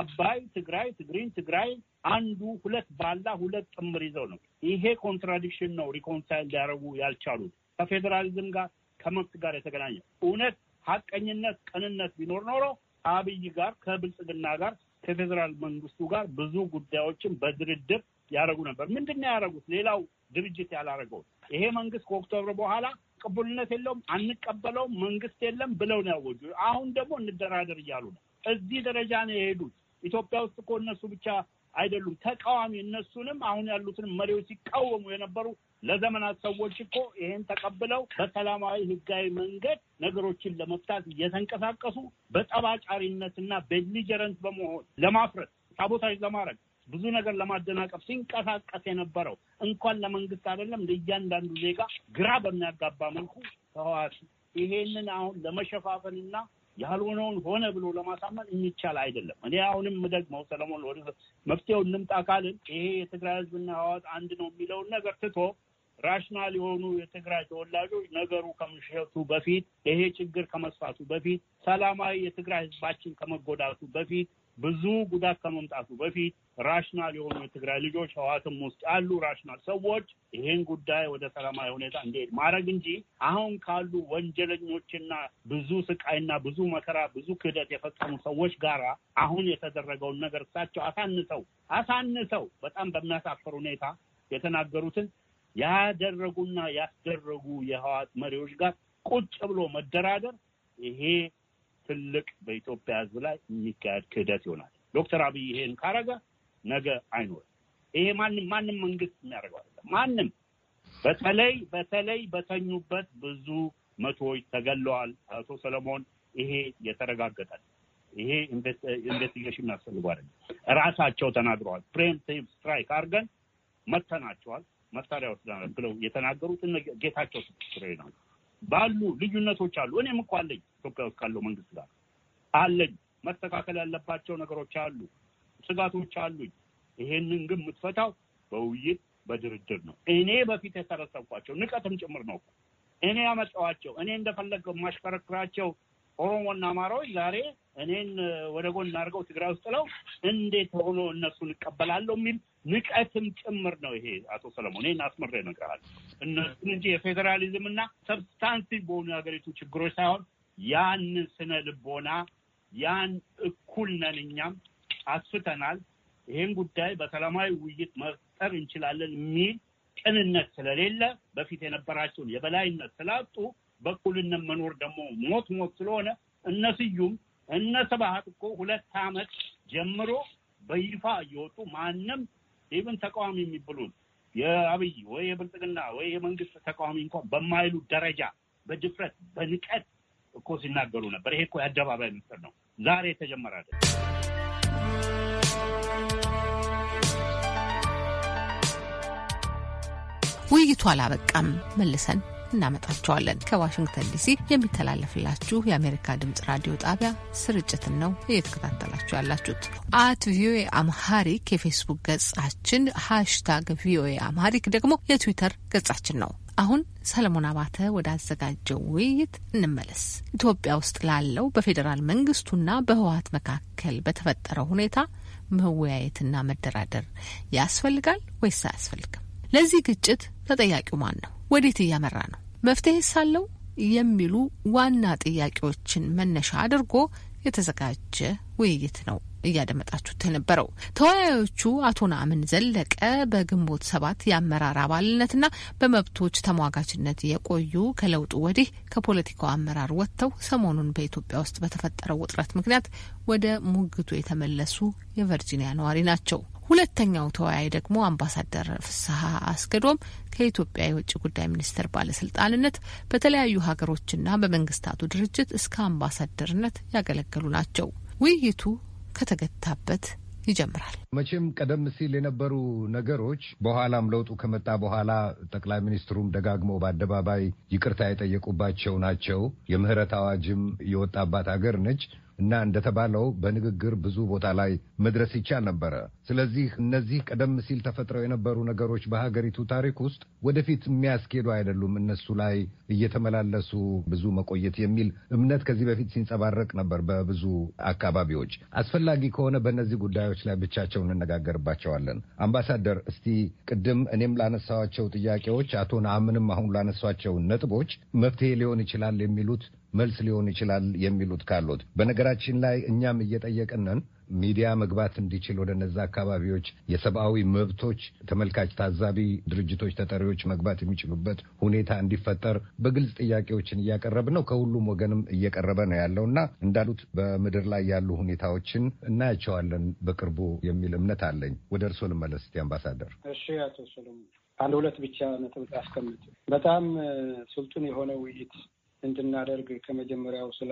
Speaker 3: አባይ ትግራይ ትግሪን ትግራይ አንዱ ሁለት ባላ ሁለት ጥምር ይዘው ነው። ይሄ ኮንትራዲክሽን ነው ሪኮንሳይል ሊያደርጉ ያልቻሉት ከፌዴራሊዝም ጋር ከመብት ጋር የተገናኘ እውነት ሀቀኝነት፣ ቅንነት ቢኖር ኖሮ አብይ ጋር ከብልጽግና ጋር ከፌዴራል መንግስቱ ጋር ብዙ ጉዳዮችን በድርድር ያደረጉ ነበር። ምንድን ነው ያደረጉት? ሌላው ድርጅት ያላረገው ይሄ መንግስት ከኦክቶብር በኋላ ቅቡልነት የለውም፣ አንቀበለውም፣ መንግስት የለም ብለው ነው ያወጁ። አሁን ደግሞ እንደራደር እያሉ ነው። እዚህ ደረጃ ነው የሄዱት። ኢትዮጵያ ውስጥ እኮ እነሱ ብቻ አይደሉም ተቃዋሚ፣ እነሱንም አሁን ያሉትንም መሪዎች ሲቃወሙ የነበሩ ለዘመናት ሰዎች እኮ ይሄን ተቀብለው በሰላማዊ ህጋዊ መንገድ ነገሮችን ለመፍታት እየተንቀሳቀሱ በጠባጫሪነትና በሊጀረንት በመሆን ለማፍረስ ሳቦታጅ ለማድረግ ብዙ ነገር ለማደናቀፍ ሲንቀሳቀስ የነበረው እንኳን ለመንግስት አይደለም ለእያንዳንዱ ዜጋ ግራ በሚያጋባ መልኩ ህወሓት ይሄንን አሁን ለመሸፋፈንና ያልሆነውን ሆነ ብሎ ለማሳመን የሚቻል አይደለም። እኔ አሁንም ደግመው ሰለሞን ወደ መፍትሄው እንምጣ ካልን ይሄ የትግራይ ህዝብና ህዋት አንድ ነው የሚለውን ነገር ትቶ ራሽናል የሆኑ የትግራይ ተወላጆች ነገሩ ከምሸቱ በፊት ይሄ ችግር ከመስፋቱ በፊት ሰላማዊ የትግራይ ህዝባችን ከመጎዳቱ በፊት ብዙ ጉዳት ከመምጣቱ በፊት ራሽናል የሆኑ የትግራይ ልጆች ህዋትም ውስጥ ያሉ ራሽናል ሰዎች ይህን ጉዳይ ወደ ሰላማዊ ሁኔታ እንዲሄድ ማድረግ እንጂ አሁን ካሉ ወንጀለኞችና ብዙ ስቃይና ብዙ መከራ፣ ብዙ ክህደት የፈጸሙ ሰዎች ጋራ አሁን የተደረገውን ነገር እሳቸው አሳንሰው አሳንሰው በጣም በሚያሳፍር ሁኔታ የተናገሩትን ያደረጉና ያስደረጉ የህዋት መሪዎች ጋር ቁጭ ብሎ መደራደር ይሄ ትልቅ በኢትዮጵያ ሕዝብ ላይ የሚካሄድ ክህደት ይሆናል። ዶክተር አብይ ይሄን ካረገ ነገ አይኖርም። ይሄ ማንም ማንም መንግስት የሚያደርገው አይደለም። ማንም በተለይ በተለይ በተኙበት ብዙ መቶዎች ተገለዋል። አቶ ሰለሞን ይሄ የተረጋገጠ ይሄ ኢንቨስቲጌሽን የሚያስፈልጉ ያስፈልጓል። ራሳቸው ተናግረዋል። ፕሬምቲቭ ስትራይክ አድርገን መተናቸዋል መሳሪያ ወስደናል ብለው የተናገሩት ጌታቸው ስ ነው። ባሉ ልዩነቶች አሉ። እኔም እኮ አለኝ ኢትዮጵያ ውስጥ ካለው መንግስት ጋር አለኝ። መስተካከል ያለባቸው ነገሮች አሉ፣ ስጋቶች አሉኝ። ይሄንን ግን የምትፈታው በውይይት በድርድር ነው። እኔ በፊት የሰረሰብኳቸው ንቀትም ጭምር ነው። እኔ ያመጣኋቸው እኔ እንደፈለገው የማሽከረክራቸው ኦሮሞና አማራዎች ዛሬ እኔን ወደ ጎን አድርገው ትግራይ ውስጥ ለው እንዴት ሆኖ እነሱን እቀበላለሁ የሚል ንቀትም ጭምር ነው። ይሄ አቶ ሰለሞን ይህን አስመራ ይነግርሃል። እነሱን እንጂ የፌዴራሊዝምና ሰብስታንቲቭ በሆኑ የሀገሪቱ ችግሮች ሳይሆን ያን ስነ ልቦና ያን እኩል ነን እኛም አስፍተናል። ይህን ጉዳይ በሰላማዊ ውይይት መፍጠር እንችላለን የሚል ቅንነት ስለሌለ በፊት የነበራቸውን የበላይነት ስላጡ በእኩልነት መኖር ደግሞ ሞት ሞት ስለሆነ እነ ስዩም እነ ስብሀት እኮ ሁለት ዓመት ጀምሮ በይፋ እየወጡ ማንም ኢብን ተቃዋሚ የሚብሉን የአብይ ወይ የብልጽግና ወይ የመንግስት ተቃዋሚ እንኳን በማይሉ ደረጃ በድፍረት በንቀት እኮ ሲናገሩ ነበር። ይሄ እኮ የአደባባይ ምስጢር ነው። ዛሬ የተጀመረ አይደለም።
Speaker 2: ውይይቱ አላበቃም። መልሰን እናመጣቸዋለን። ከዋሽንግተን ዲሲ የሚተላለፍላችሁ የአሜሪካ ድምጽ ራዲዮ ጣቢያ ስርጭትን ነው እየተከታተላችሁ ያላችሁት። አት ቪኦኤ አምሃሪክ የፌስቡክ ገጻችን፣ ሃሽታግ ቪኦኤ አምሃሪክ ደግሞ የትዊተር ገጻችን ነው። አሁን ሰለሞን አባተ ወዳዘጋጀው ውይይት እንመለስ። ኢትዮጵያ ውስጥ ላለው በፌዴራል መንግስቱና በህወሀት መካከል በተፈጠረው ሁኔታ መወያየትና መደራደር ያስፈልጋል ወይስ አያስፈልግም? ለዚህ ግጭት ተጠያቂው ማን ነው? ወዴት እያመራ ነው? መፍትሄ ሳለው የሚሉ ዋና ጥያቄዎችን መነሻ አድርጎ የተዘጋጀ ውይይት ነው እያደመጣችሁት የነበረው። ተወያዮቹ አቶ ናምን ዘለቀ በግንቦት ሰባት የአመራር አባልነትና በመብቶች ተሟጋችነት የቆዩ ከለውጡ ወዲህ ከፖለቲካው አመራር ወጥተው ሰሞኑን በኢትዮጵያ ውስጥ በተፈጠረው ውጥረት ምክንያት ወደ ሙግቱ የተመለሱ የቨርጂኒያ ነዋሪ ናቸው። ሁለተኛው ተወያይ ደግሞ አምባሳደር ፍስሀ አስገዶም ከኢትዮጵያ የውጭ ጉዳይ ሚኒስቴር ባለስልጣንነት በተለያዩ ሀገሮችና በመንግስታቱ ድርጅት እስከ አምባሳደርነት ያገለገሉ ናቸው። ውይይቱ ከተገታበት ይጀምራል።
Speaker 5: መቼም ቀደም ሲል የነበሩ ነገሮች በኋላም ለውጡ ከመጣ በኋላ ጠቅላይ ሚኒስትሩም ደጋግሞ በአደባባይ ይቅርታ የጠየቁባቸው ናቸው። የምህረት አዋጅም የወጣባት ሀገር ነች። እና እንደተባለው በንግግር ብዙ ቦታ ላይ መድረስ ይቻል ነበረ። ስለዚህ እነዚህ ቀደም ሲል ተፈጥረው የነበሩ ነገሮች በሀገሪቱ ታሪክ ውስጥ ወደፊት የሚያስኬዱ አይደሉም፣ እነሱ ላይ እየተመላለሱ ብዙ መቆየት የሚል እምነት ከዚህ በፊት ሲንጸባረቅ ነበር በብዙ አካባቢዎች። አስፈላጊ ከሆነ በእነዚህ ጉዳዮች ላይ ብቻቸው እንነጋገርባቸዋለን። አምባሳደር፣ እስቲ ቅድም እኔም ላነሳዋቸው ጥያቄዎች አቶ ነአምንም አሁን ላነሷቸው ነጥቦች መፍትሄ ሊሆን ይችላል የሚሉት መልስ ሊሆን ይችላል የሚሉት ካሉት። በነገራችን ላይ እኛም እየጠየቅን ሚዲያ መግባት እንዲችል ወደ ነዛ አካባቢዎች የሰብአዊ መብቶች ተመልካች ታዛቢ ድርጅቶች ተጠሪዎች መግባት የሚችሉበት ሁኔታ እንዲፈጠር በግልጽ ጥያቄዎችን እያቀረብ ነው። ከሁሉም ወገንም እየቀረበ ነው ያለው እና እንዳሉት በምድር ላይ ያሉ ሁኔታዎችን እናያቸዋለን በቅርቡ የሚል እምነት አለኝ። ወደ እርስዎ ልመለስ እስቲ አምባሳደር።
Speaker 1: እሺ አቶ ሰሎሞን አንድ ሁለት ብቻ ነጥብ አስቀምጥ። በጣም ስልጡን የሆነ ውይይት እንድናደርግ ከመጀመሪያው ስለ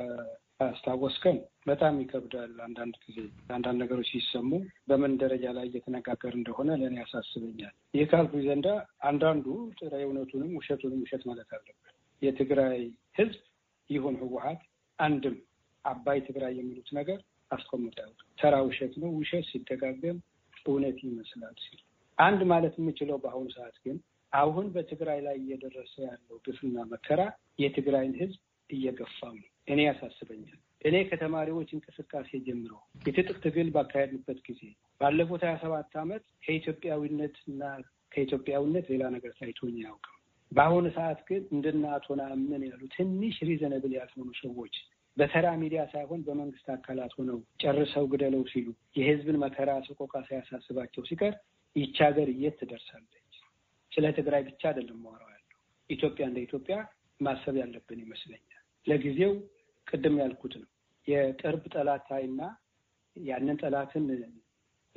Speaker 1: አስታወስከን በጣም ይከብዳል። አንዳንድ ጊዜ አንዳንድ ነገሮች ሲሰሙ በምን ደረጃ ላይ እየተነጋገር እንደሆነ ለእኔ ያሳስበኛል። ይህ ካልኩ ዘንዳ አንዳንዱ ጥሬ እውነቱንም ውሸቱንም ውሸት ማለት አለበት። የትግራይ ህዝብ ይሁን ህወሀት አንድም አባይ ትግራይ የሚሉት ነገር አስቆምጠው ተራ ውሸት ነው። ውሸት ሲደጋገም እውነት ይመስላል ሲል አንድ ማለት የምችለው በአሁኑ ሰዓት ግን አሁን በትግራይ ላይ እየደረሰ ያለው ግፍና መከራ የትግራይን ህዝብ እየገፋው ነው። እኔ ያሳስበኛል። እኔ ከተማሪዎች እንቅስቃሴ ጀምሮ የትጥቅ ትግል ባካሄድንበት ጊዜ ባለፉት ሀያ ሰባት ዓመት ከኢትዮጵያዊነት እና ከኢትዮጵያዊነት ሌላ ነገር ታይቶኝ አያውቅም። በአሁኑ ሰዓት ግን እንደ አቶ ናምን ያሉ ትንሽ ሪዘነብል ያልሆኑ ሰዎች በተራ ሚዲያ ሳይሆን በመንግስት አካላት ሆነው ጨርሰው ግደለው ሲሉ የህዝብን መከራ ሰቆቃ ሳያሳስባቸው ሲቀር ይቻገር የት ትደርሳለች? ስለ ትግራይ ብቻ አይደለም ማወራው ያለው ኢትዮጵያ እንደ ኢትዮጵያ ማሰብ ያለብን ይመስለኛል። ለጊዜው ቅድም ያልኩት ነው የቅርብ ጠላት እና ያንን ጠላትን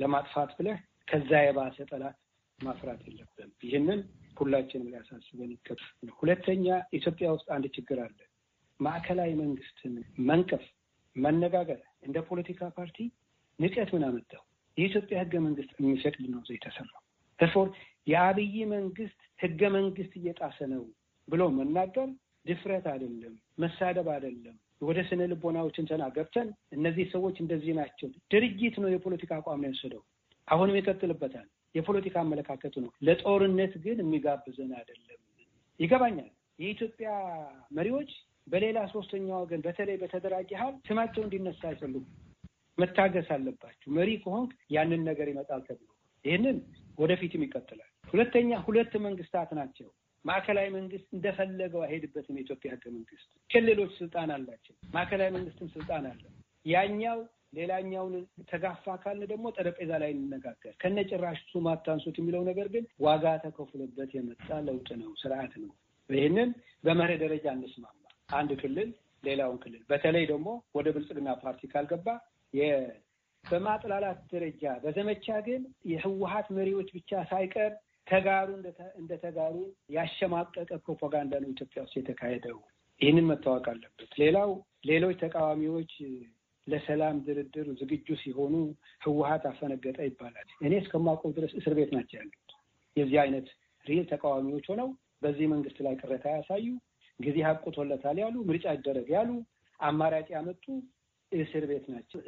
Speaker 1: ለማጥፋት ብለህ ከዛ የባሰ ጠላት ማፍራት የለብንም። ይህንን ሁላችንም ሊያሳስበን ይገባል። ሁለተኛ ኢትዮጵያ ውስጥ አንድ ችግር አለ። ማዕከላዊ መንግስትን መንቀፍ፣ መነጋገር እንደ ፖለቲካ ፓርቲ ንቀት ምን አመጣው? የኢትዮጵያ ህገ መንግስት የሚፈቅድ ነው የተሰራው ተፎር የአብይ መንግስት ህገ መንግስት እየጣሰ ነው ብሎ መናገር ድፍረት አይደለም፣ መሳደብ አይደለም። ወደ ስነ ልቦናዎችን ትንተና ገብተን እነዚህ ሰዎች እንደዚህ ናቸው። ድርጅት ነው የፖለቲካ አቋም ነው የወሰደው። አሁንም ይቀጥልበታል። የፖለቲካ አመለካከቱ ነው። ለጦርነት ግን የሚጋብዘን አይደለም። ይገባኛል። የኢትዮጵያ መሪዎች በሌላ ሶስተኛ ወገን በተለይ በተደራጀ ሀል ስማቸው እንዲነሳ አይፈልጉም። መታገስ አለባቸው። መሪ ከሆንክ ያንን ነገር ይመጣል ተብሎ ይህንን ወደፊትም ይቀጥላል። ሁለተኛ ሁለት መንግስታት ናቸው። ማዕከላዊ መንግስት እንደፈለገው አይሄድበትም። የኢትዮጵያ ህገ መንግስት ክልሎች ስልጣን አላቸው። ማዕከላዊ መንግስትም ስልጣን አለ። ያኛው ሌላኛውን ተጋፋ ካልን ደግሞ ጠረጴዛ ላይ እንነጋገር። ከነ ጭራሽ ሱም አታንሱት የሚለው ነገር ግን ዋጋ ተከፍሎበት የመጣ ለውጥ ነው፣ ስርዓት ነው። ይህንን በመርህ ደረጃ እንስማማ። አንድ ክልል ሌላውን ክልል በተለይ ደግሞ ወደ ብልጽግና ፓርቲ ካልገባ በማጥላላት ደረጃ በዘመቻ ግን የህወሀት መሪዎች ብቻ ሳይቀር ተጋሩ እንደ ተጋሩ ያሸማቀቀ ፕሮፓጋንዳ ነው ኢትዮጵያ ውስጥ የተካሄደው። ይህንን መታወቅ አለበት። ሌላው ሌሎች ተቃዋሚዎች ለሰላም ድርድር ዝግጁ ሲሆኑ ህወሀት አፈነገጠ ይባላል። እኔ እስከማውቀው ድረስ እስር ቤት ናቸው ያሉት የዚህ አይነት ሪል ተቃዋሚዎች ሆነው በዚህ መንግስት ላይ ቅሬታ ያሳዩ ጊዜ ሀቁ ቶለታል ያሉ ምርጫ ይደረግ ያሉ አማራጭ ያመጡ እስር ቤት ናቸው።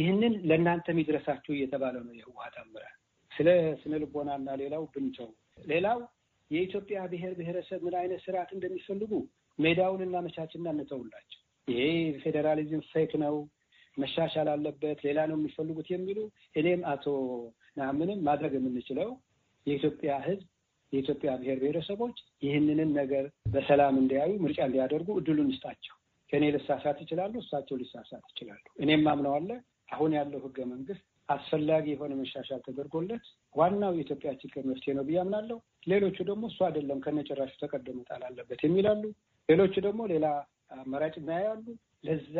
Speaker 1: ይህንን ለእናንተ የሚድረሳችሁ እየተባለ ነው የህወሀት አመራር። ስለ ስነ ልቦናና ሌላው ብንተው፣ ሌላው የኢትዮጵያ ብሔር ብሔረሰብ ምን አይነት ስርዓት እንደሚፈልጉ ሜዳውን እናመቻችና እንተውላቸው። ይሄ ፌዴራሊዝም ፌክ ነው፣ መሻሻል አለበት፣ ሌላ ነው የሚፈልጉት የሚሉ እኔም አቶ ናምንም ማድረግ የምንችለው የኢትዮጵያ ህዝብ የኢትዮጵያ ብሔር ብሔረሰቦች ይህንንን ነገር በሰላም እንዲያዩ ምርጫ እንዲያደርጉ እድሉን እንስጣቸው። ከእኔ ልሳሳት ይችላሉ፣ እሳቸው ሊሳሳት ይችላሉ። እኔም አምነዋለ አሁን ያለው ህገ መንግስት አስፈላጊ የሆነ መሻሻል ተደርጎለት ዋናው የኢትዮጵያ ችግር መፍትሄ ነው ብዬ አምናለሁ። ሌሎቹ ደግሞ እሱ አይደለም ከነጭራሹ ተቀዶ መጣል አለበት የሚላሉ፣ ሌሎቹ ደግሞ ሌላ አማራጭ ያያሉ። ለዛ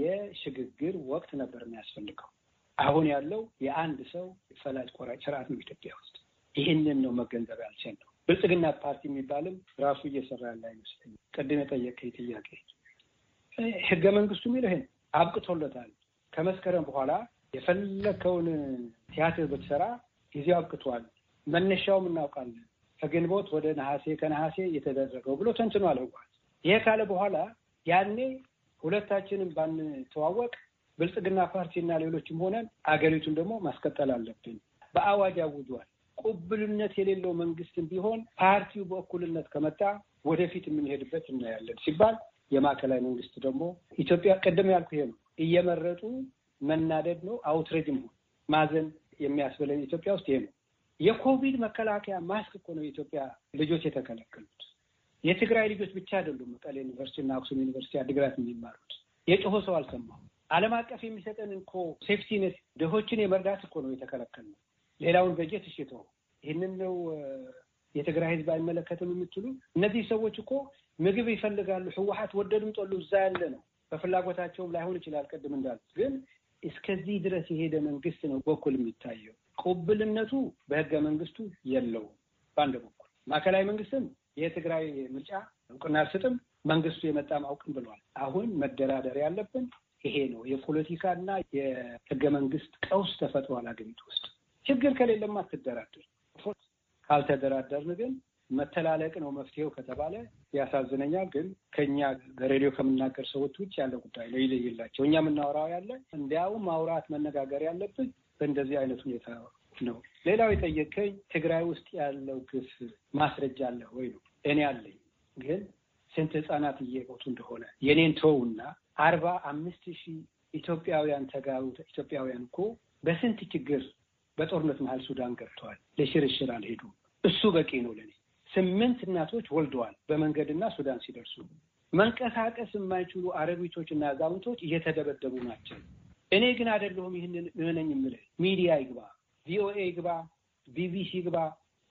Speaker 1: የሽግግር ወቅት ነበር የሚያስፈልገው። አሁን ያለው የአንድ ሰው ፈላጭ ቆራጭ ስርዓት ነው ኢትዮጵያ ውስጥ። ይህንን ነው መገንዘብ ያልቻል ነው። ብልጽግና ፓርቲ የሚባልም ራሱ እየሰራ ያለ አይመስለኝም። ቅድም የጠየቀኝ ጥያቄ ህገ መንግስቱ የሚለው ይሄ አብቅቶለታል። ከመስከረም በኋላ የፈለከውን ቲያትር ብትሰራ ጊዜው አብቅቷል፣ መነሻውም እናውቃለን፣ ከግንቦት ወደ ነሐሴ፣ ከነሐሴ የተደረገው ብሎ ተንትኗል ህዋት። ይሄ ካለ በኋላ ያኔ ሁለታችንም ባንተዋወቅ ብልጽግና እና ሌሎችም ሆነን አገሪቱን ደግሞ ማስቀጠል አለብን። በአዋጅ አውጇል። ቁብልነት የሌለው መንግስትም ቢሆን ፓርቲው በእኩልነት ከመጣ ወደፊት የምንሄድበት እናያለን ሲባል የማዕከላዊ መንግስት ደግሞ ኢትዮጵያ ቀደም ያልኩ ይሄ ነው እየመረጡ መናደድ ነው አውትሬጅም ማዘን የሚያስብለን ኢትዮጵያ ውስጥ ይሄ ነው። የኮቪድ መከላከያ ማስክ እኮ ነው የኢትዮጵያ ልጆች የተከለከሉት። የትግራይ ልጆች ብቻ አይደሉም። መቀሌ ዩኒቨርሲቲ እና አክሱም ዩኒቨርሲቲ አድግራት የሚማሩት የጮሆ ሰው አልሰማሁም። ዓለም አቀፍ የሚሰጠን እኮ ሴፍቲነት ድሆችን የመርዳት እኮ ነው ነው። ሌላውን በጀት እሽቶ ይህንን ነው የትግራይ ህዝብ አይመለከትም የምትሉ እነዚህ ሰዎች እኮ ምግብ ይፈልጋሉ። ህወሀት ወደድም ጠሉ እዛ ያለ ነው። በፍላጎታቸውም ላይሆን ይችላል። ቅድም እንዳሉት ግን እስከዚህ ድረስ የሄደ መንግስት ነው በኩል የሚታየው ቁብልነቱ በህገ መንግስቱ የለውም። በአንድ በኩል ማዕከላዊ መንግስትም የትግራይ ምርጫ እውቅና አልሰጥም መንግስቱ የመጣ ማውቅም ብለዋል። አሁን መደራደር ያለብን ይሄ ነው። የፖለቲካና የህገ መንግስት ቀውስ ተፈጥሯል። አገሪቱ ውስጥ ችግር ከሌለም አትደራደር። ካልተደራደርን ግን መተላለቅ ነው መፍትሄው ከተባለ ያሳዝነኛል። ግን ከኛ በሬዲዮ ከምናገር ሰዎች ውጭ ያለ ጉዳይ ነው ይለይላቸው። እኛ የምናወራው ያለ እንዲያውም ማውራት መነጋገር ያለብን በእንደዚህ አይነት ሁኔታ ነው። ሌላው የጠየቀኝ ትግራይ ውስጥ ያለው ግፍ ማስረጃ አለ ወይ ነው። እኔ አለኝ። ግን ስንት ህጻናት እየሞቱ እንደሆነ የኔን እና አርባ አምስት ሺህ ኢትዮጵያውያን ተጋሩ። ኢትዮጵያውያን እኮ በስንት ችግር በጦርነት መሀል ሱዳን ገብተዋል። ለሽርሽር አልሄዱም። እሱ በቂ ነው ለኔ። ስምንት እናቶች ወልደዋል በመንገድና ሱዳን ሲደርሱ። መንቀሳቀስ የማይችሉ አረቢቶች እና አዛውንቶች እየተደበደቡ ናቸው። እኔ ግን አይደለሁም ይህንን ምህነኝ የምልህ። ሚዲያ ይግባ፣ ቪኦኤ ይግባ፣ ቢቢሲ ይግባ።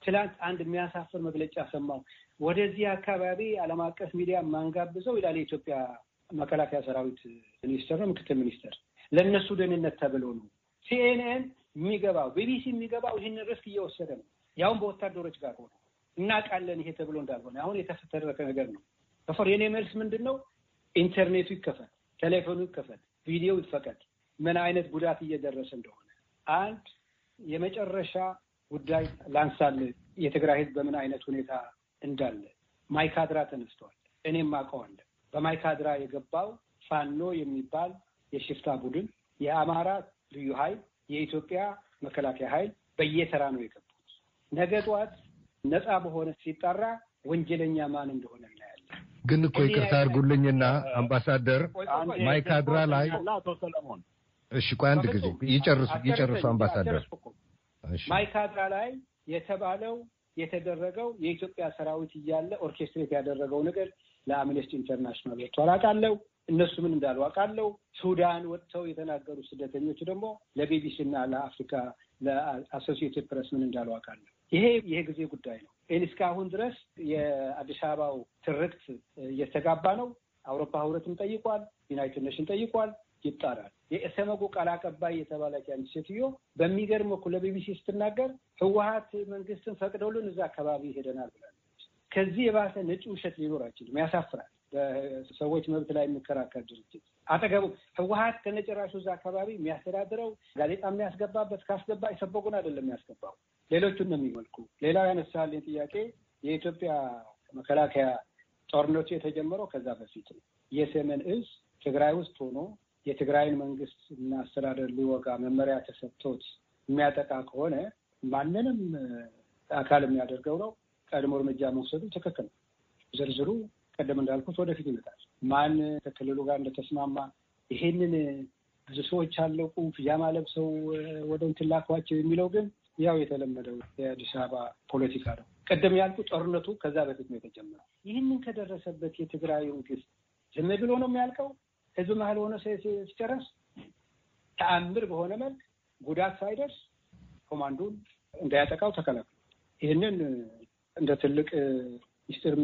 Speaker 1: ትላንት አንድ የሚያሳፍር መግለጫ ሰማሁ። ወደዚህ አካባቢ ዓለም አቀፍ ሚዲያ ማንጋብዘው ይላል የኢትዮጵያ መከላከያ ሰራዊት ሚኒስትር ነው ምክትል ሚኒስትር ለእነሱ ደህንነት ተብሎ ነው። ሲኤንኤን የሚገባው ቢቢሲ የሚገባው ይህንን ሪስክ እየወሰደ ነው። ያውም በወታደሮች ጋር ሆነ እናውቃለን ይሄ ተብሎ እንዳልሆነ አሁን የተተረከ ነገር ነው። ከፈር የኔ መልስ ምንድን ነው? ኢንተርኔቱ ይከፈት፣ ቴሌፎኑ ይከፈት፣ ቪዲዮ ይፈቀድ፣ ምን አይነት ጉዳት እየደረሰ እንደሆነ። አንድ የመጨረሻ ጉዳይ ላንሳል። የትግራይ ህዝብ በምን አይነት ሁኔታ እንዳለ ማይካድራ ተነስተዋል። እኔም አውቀዋለሁ። በማይካድራ የገባው ፋኖ የሚባል የሽፍታ ቡድን የአማራ ልዩ ኃይል የኢትዮጵያ መከላከያ ኃይል በየተራ ነው የገቡት። ነገ ጠዋት ነፃ በሆነ ሲጠራ ወንጀለኛ ማን እንደሆነ እናያለን።
Speaker 5: ግን እኮ ይቅርታ አድርጉልኝና አምባሳደር ማይካድራ ላይ እሺ፣ ቆይ አንድ ጊዜ ይጨርሱ ይጨርሱ። አምባሳደር
Speaker 1: ማይካድራ ላይ የተባለው የተደረገው የኢትዮጵያ ሰራዊት እያለ ኦርኬስትሬት ያደረገው ነገር ለአምነስቲ ኢንተርናሽናል ወጥቷል አውቃለሁ። እነሱ ምን እንዳሉ አውቃለሁ። ሱዳን ወጥተው የተናገሩ ስደተኞች ደግሞ ለቢቢሲ እና ለአፍሪካ ለአሶሲየትድ ፕሬስ ምን እንዳሉ አውቃለሁ። ይሄ የጊዜ ጉዳይ ነው። ይህን እስካሁን ድረስ የአዲስ አበባው ትርክት እየተጋባ ነው። አውሮፓ ህብረትም ጠይቋል፣ ዩናይትድ ኔሽን ጠይቋል፣ ይጣራል። የኢሰመጉ ቃል አቀባይ የተባለች አንድ ሴትዮ በሚገርም እኮ ለቢቢሲ ስትናገር ህወሀት መንግስትን ፈቅደውልን እዛ አካባቢ ሄደናል ብላለች። ከዚህ የባሰ ነጭ ውሸት ሊኖር አይችልም። ያሳፍራል። በሰዎች መብት ላይ የሚከራከር ድርጅት አጠገቡ ህወሀት ከነጭራሹ እዛ አካባቢ የሚያስተዳድረው ጋዜጣ የሚያስገባበት ካስገባ የሰበቁን አይደለም የሚያስገባው ሌሎቹን ነው የሚመልኩ። ሌላው ያነሳልኝ ጥያቄ የኢትዮጵያ መከላከያ ጦርነቱ የተጀመረው ከዛ በፊት ነው። የሰሜን እዝ ትግራይ ውስጥ ሆኖ የትግራይን መንግስት እና አስተዳደር ሊወጋ መመሪያ ተሰጥቶት የሚያጠቃ ከሆነ ማንንም አካል የሚያደርገው ነው። ቀድሞ እርምጃ መውሰዱ ትክክል ነው። ዝርዝሩ ቀደም እንዳልኩት ወደፊት ይመጣል። ማን ከክልሉ ጋር እንደተስማማ ይሄንን ብዙ ሰዎች አለቁ ፍጃማ ለብሰው ወደ እንትን ላኳቸው የሚለው ግን ያው የተለመደው የአዲስ አበባ ፖለቲካ ነው። ቀደም ያልኩ ጦርነቱ ከዛ በፊት ነው የተጀመረው። ይህንን ከደረሰበት የትግራይ መንግስት ዝም ብሎ ነው የሚያልቀው። ህዝብ መሀል ሆነ ሲጨረስ ተአምር በሆነ መልክ ጉዳት ሳይደርስ ኮማንዶን እንዳያጠቃው ተከላክሏል። ይህንን እንደ ትልቅ ሚስጢር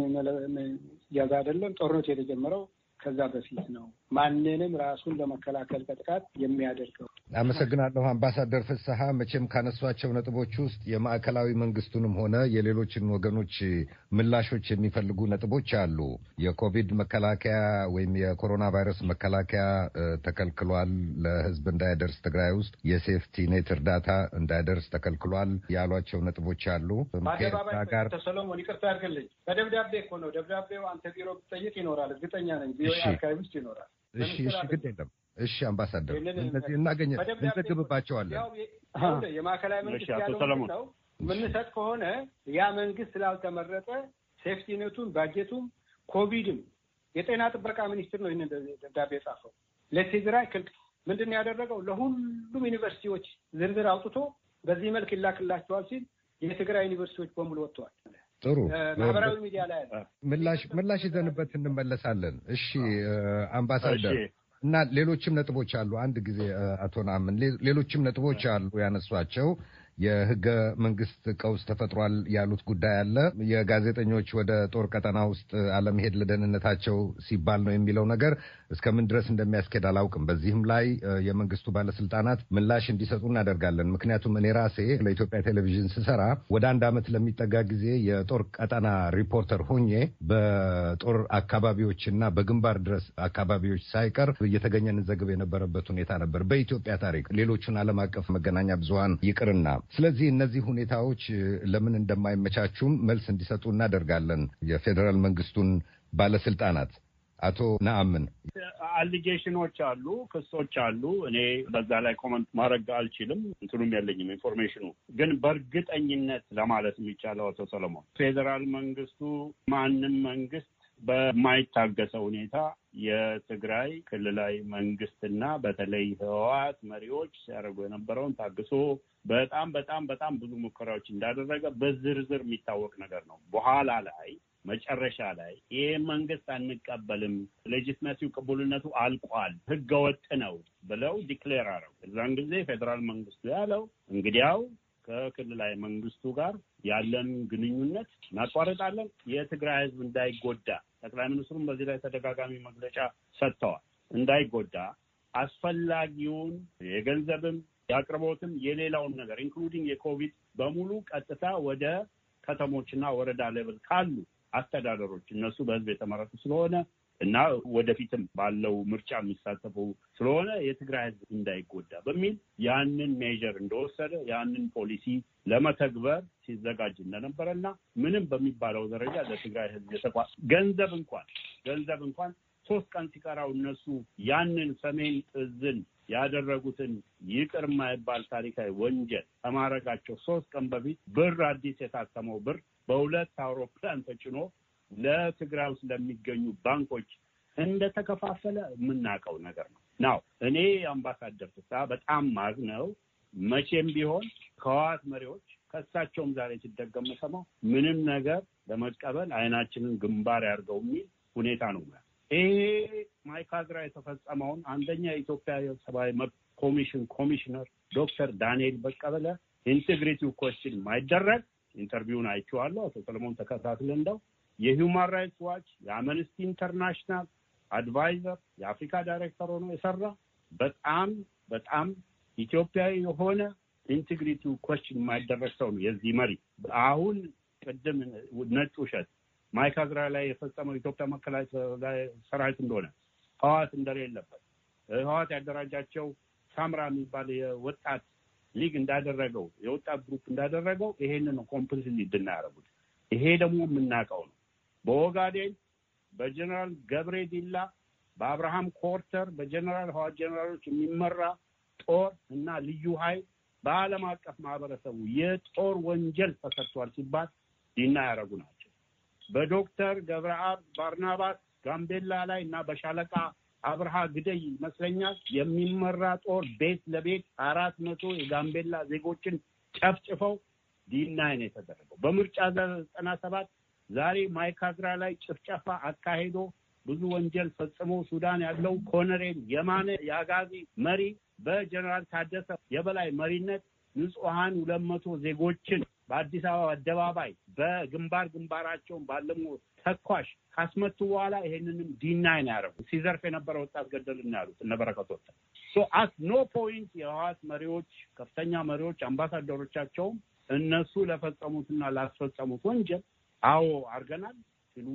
Speaker 1: እያዛ አይደለም። ጦርነቱ የተጀመረው ከዛ በፊት ነው። ማንንም ራሱን ለመከላከል ከጥቃት የሚያደርገው።
Speaker 5: አመሰግናለሁ አምባሳደር ፍስሐ። መቼም ካነሷቸው ነጥቦች ውስጥ የማዕከላዊ መንግስቱንም ሆነ የሌሎችን ወገኖች ምላሾች የሚፈልጉ ነጥቦች አሉ። የኮቪድ መከላከያ ወይም የኮሮና ቫይረስ መከላከያ ተከልክሏል፣ ለህዝብ እንዳይደርስ ትግራይ ውስጥ የሴፍቲ ኔት እርዳታ እንዳይደርስ ተከልክሏል ያሏቸው ነጥቦች አሉ። ጋር
Speaker 1: ይቅርታ ያድርግልኝ። በደብዳቤ እኮ ነው። ደብዳቤው አንተ ቢሮ ብትጠይቅ ይኖራል፣ እርግጠኛ ነኝ ቢሮ አካባቢ ውስጥ ይኖራል።
Speaker 5: እሺ፣ እሺ፣ ግድ የለም እሺ። አምባሳደር እነዚህ እናገኘ እንዘግብባቸዋለን።
Speaker 1: የማዕከላዊ መንግስት ያለው ምንሰጥ ከሆነ ያ መንግስት ስላልተመረጠ ሴፍቲነቱን፣ ባጀቱም፣ ኮቪድም የጤና ጥበቃ ሚኒስትር ነው ይህንን ደብዳቤ የጻፈው ለትግራይ ክልል ምንድን ነው ያደረገው? ለሁሉም ዩኒቨርሲቲዎች ዝርዝር አውጥቶ በዚህ መልክ ይላክላቸዋል ሲል የትግራይ ዩኒቨርሲቲዎች በሙሉ ወጥተዋል።
Speaker 5: ጥሩ ማህበራዊ ሚዲያ ላይ ምላሽ ምላሽ ይዘንበት እንመለሳለን። እሺ አምባሳደር እና ሌሎችም ነጥቦች አሉ። አንድ ጊዜ አቶ ናምን ሌሎችም ነጥቦች አሉ ያነሷቸው የህገ መንግስት ቀውስ ተፈጥሯል ያሉት ጉዳይ አለ። የጋዜጠኞች ወደ ጦር ቀጠና ውስጥ አለመሄድ ለደህንነታቸው ሲባል ነው የሚለው ነገር እስከምን ድረስ እንደሚያስኬድ አላውቅም። በዚህም ላይ የመንግስቱ ባለስልጣናት ምላሽ እንዲሰጡ እናደርጋለን። ምክንያቱም እኔ ራሴ ለኢትዮጵያ ቴሌቪዥን ስሰራ ወደ አንድ ዓመት ለሚጠጋ ጊዜ የጦር ቀጠና ሪፖርተር ሆኜ በጦር አካባቢዎችና በግንባር ድረስ አካባቢዎች ሳይቀር እየተገኘን እንዘግብ የነበረበት ሁኔታ ነበር በኢትዮጵያ ታሪክ ሌሎቹን ዓለም አቀፍ መገናኛ ብዙሀን ይቅርና። ስለዚህ እነዚህ ሁኔታዎች ለምን እንደማይመቻቹም መልስ እንዲሰጡ እናደርጋለን የፌዴራል መንግስቱን ባለስልጣናት አቶ ነአምን
Speaker 3: አሊጌሽኖች አሉ፣ ክሶች አሉ። እኔ በዛ ላይ ኮመንት ማድረግ አልችልም፣ እንትኑም የለኝም ኢንፎርሜሽኑ። ግን በእርግጠኝነት ለማለት የሚቻለው አቶ ሰለሞን ፌዴራል መንግስቱ ማንም መንግስት በማይታገሰ ሁኔታ የትግራይ ክልላዊ መንግስትና በተለይ ህወሓት መሪዎች ሲያደርጉ የነበረውን ታግሶ በጣም በጣም በጣም ብዙ ሙከራዎች እንዳደረገ በዝርዝር የሚታወቅ ነገር ነው። በኋላ ላይ መጨረሻ ላይ ይሄ መንግስት አንቀበልም፣ ሌጂትመሲው ቅቡልነቱ አልቋል፣ ህገወጥ ነው ብለው ዲክሌር አረው። እዛን ጊዜ ፌዴራል መንግስቱ ያለው እንግዲያው ከክልላዊ መንግስቱ ጋር ያለን ግንኙነት እናቋረጣለን፣ የትግራይ ህዝብ እንዳይጎዳ ጠቅላይ ሚኒስትሩም በዚህ ላይ ተደጋጋሚ መግለጫ ሰጥተዋል። እንዳይጎዳ አስፈላጊውን የገንዘብም የአቅርቦትም የሌላውን ነገር ኢንክሉዲንግ የኮቪድ በሙሉ ቀጥታ ወደ ከተሞችና ወረዳ ሌቭል ካሉ አስተዳደሮች እነሱ በህዝብ የተመረጡ ስለሆነ እና ወደፊትም ባለው ምርጫ የሚሳተፉ ስለሆነ የትግራይ ህዝብ እንዳይጎዳ በሚል ያንን ሜዥር እንደወሰደ ያንን ፖሊሲ ለመተግበር ሲዘጋጅ እንደነበረና ምንም በሚባለው ደረጃ ለትግራይ ህዝብ የተቋ ገንዘብ እንኳን ገንዘብ እንኳን ሶስት ቀን ሲቀራው እነሱ ያንን ሰሜን እዝን ያደረጉትን ይቅር የማይባል ታሪካዊ ወንጀል ከማድረጋቸው ሶስት ቀን በፊት ብር አዲስ የታተመው ብር በሁለት አውሮፕላን ተጭኖ ለትግራይ ውስጥ ለሚገኙ ባንኮች እንደተከፋፈለ የምናውቀው ነገር ነው። ናው እኔ አምባሳደር ስሳ በጣም ነው። መቼም ቢሆን ከዋት መሪዎች ከእሳቸውም ዛሬ ሲደገም የምሰማው ምንም ነገር ለመቀበል አይናችንን ግንባር ያድርገው የሚል ሁኔታ ነው። ይሄ ማይካድራ የተፈጸመውን አንደኛ የኢትዮጵያ የሰብአዊ መብት ኮሚሽን ኮሚሽነር ዶክተር ዳንኤል በቀለ ኢንቴግሪቲቭ ኮስችን ማይደረግ ኢንተርቪውን አይቼዋለሁ። አቶ ሰለሞን ተከታትል እንደው የሂውማን ራይትስ ዋች የአምነስቲ ኢንተርናሽናል አድቫይዘር የአፍሪካ
Speaker 1: ዳይሬክተር ሆኖ የሰራ
Speaker 3: በጣም በጣም ኢትዮጵያዊ የሆነ ኢንቴግሪቲ ኮስችን የማይደረግ ሰው ነው። የዚህ መሪ አሁን ቅድም ነጭ ውሸት ማይካድራ ላይ የፈጸመው ኢትዮጵያ መከላከያ ሰራዊት እንደሆነ ህዋት እንደሌለበት ህዋት ያደራጃቸው ሳምራ የሚባል የወጣት ሊግ እንዳደረገው የወጣት ግሩፕ እንዳደረገው ይሄንን ኮምፕሊት እንድናረጉት ይሄ ደግሞ የምናውቀው ነው። በኦጋዴን በጀኔራል ገብሬ ዲላ፣ በአብርሃም ኮርተር፣ በጀኔራል ህዋት ጀኔራሎች የሚመራ ጦር እና ልዩ ኃይል በዓለም አቀፍ ማህበረሰቡ የጦር ወንጀል ተሰርቷል ሲባል ዲና ያደረጉ ናቸው። በዶክተር ገብረአብ ባርናባስ ጋምቤላ ላይ እና በሻለቃ አብርሃ ግደይ ይመስለኛል የሚመራ ጦር ቤት ለቤት አራት መቶ የጋምቤላ ዜጎችን ጨፍጭፈው ዲናይን የተደረገው በምርጫ ዘጠና ሰባት ዛሬ ማይካድራ ላይ ጭፍጨፋ አካሄዶ ብዙ ወንጀል ፈጽሞ ሱዳን ያለው ኮነሬል የማነ የአጋዚ መሪ በጀነራል ታደሰ የበላይ መሪነት ንጹሐን ሁለት መቶ ዜጎችን በአዲስ አበባ አደባባይ በግንባር ግንባራቸውን ባለሙ ተኳሽ ካስመቱ በኋላ ይሄንንም ዲናይ ነው ያደረጉት። ሲዘርፍ የነበረ ወጣት ገደልን ነው ያሉት እነበረከት ወጣ ወጣት። አት ኖ ፖይንት የህዋት መሪዎች፣ ከፍተኛ መሪዎች፣ አምባሳደሮቻቸውም እነሱ ለፈጸሙትና ላስፈጸሙት ወንጀል አዎ አድርገናል ሲሉ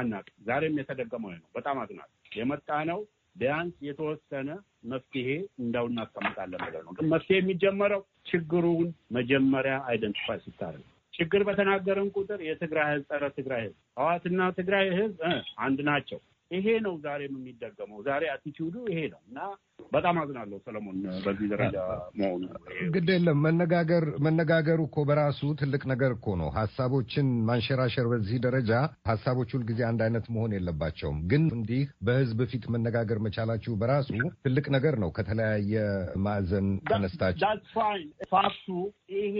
Speaker 3: አናውቅም። ዛሬም የተደገመው ነው። በጣም አዝናል። የመጣ ነው ቢያንስ የተወሰነ መፍትሄ እንዳው እናስቀምጣለን ነገር ነው። ግን መፍትሄ የሚጀመረው ችግሩን መጀመሪያ አይደንቲፋይ ሲታረግ ችግር በተናገረን ቁጥር የትግራይ ህዝብ ጸረ ትግራይ ህዝብ ህዋትና ትግራይ ህዝብ አንድ ናቸው ይሄ ነው ዛሬም የሚደገመው። ዛሬ አቲቲዩዱ ይሄ ነው እና በጣም አዝናለሁ ሰለሞን፣ በዚህ ደረጃ መሆኑ።
Speaker 5: ግድ የለም መነጋገር መነጋገሩ እኮ በራሱ ትልቅ ነገር እኮ ነው። ሀሳቦችን ማንሸራሸር በዚህ ደረጃ ሀሳቦች ሁልጊዜ አንድ አይነት መሆን የለባቸውም። ግን እንዲህ በህዝብ ፊት መነጋገር መቻላችሁ በራሱ ትልቅ ነገር ነው። ከተለያየ ማዕዘን ተነስታችሁ ፋክቱ
Speaker 3: ይሄ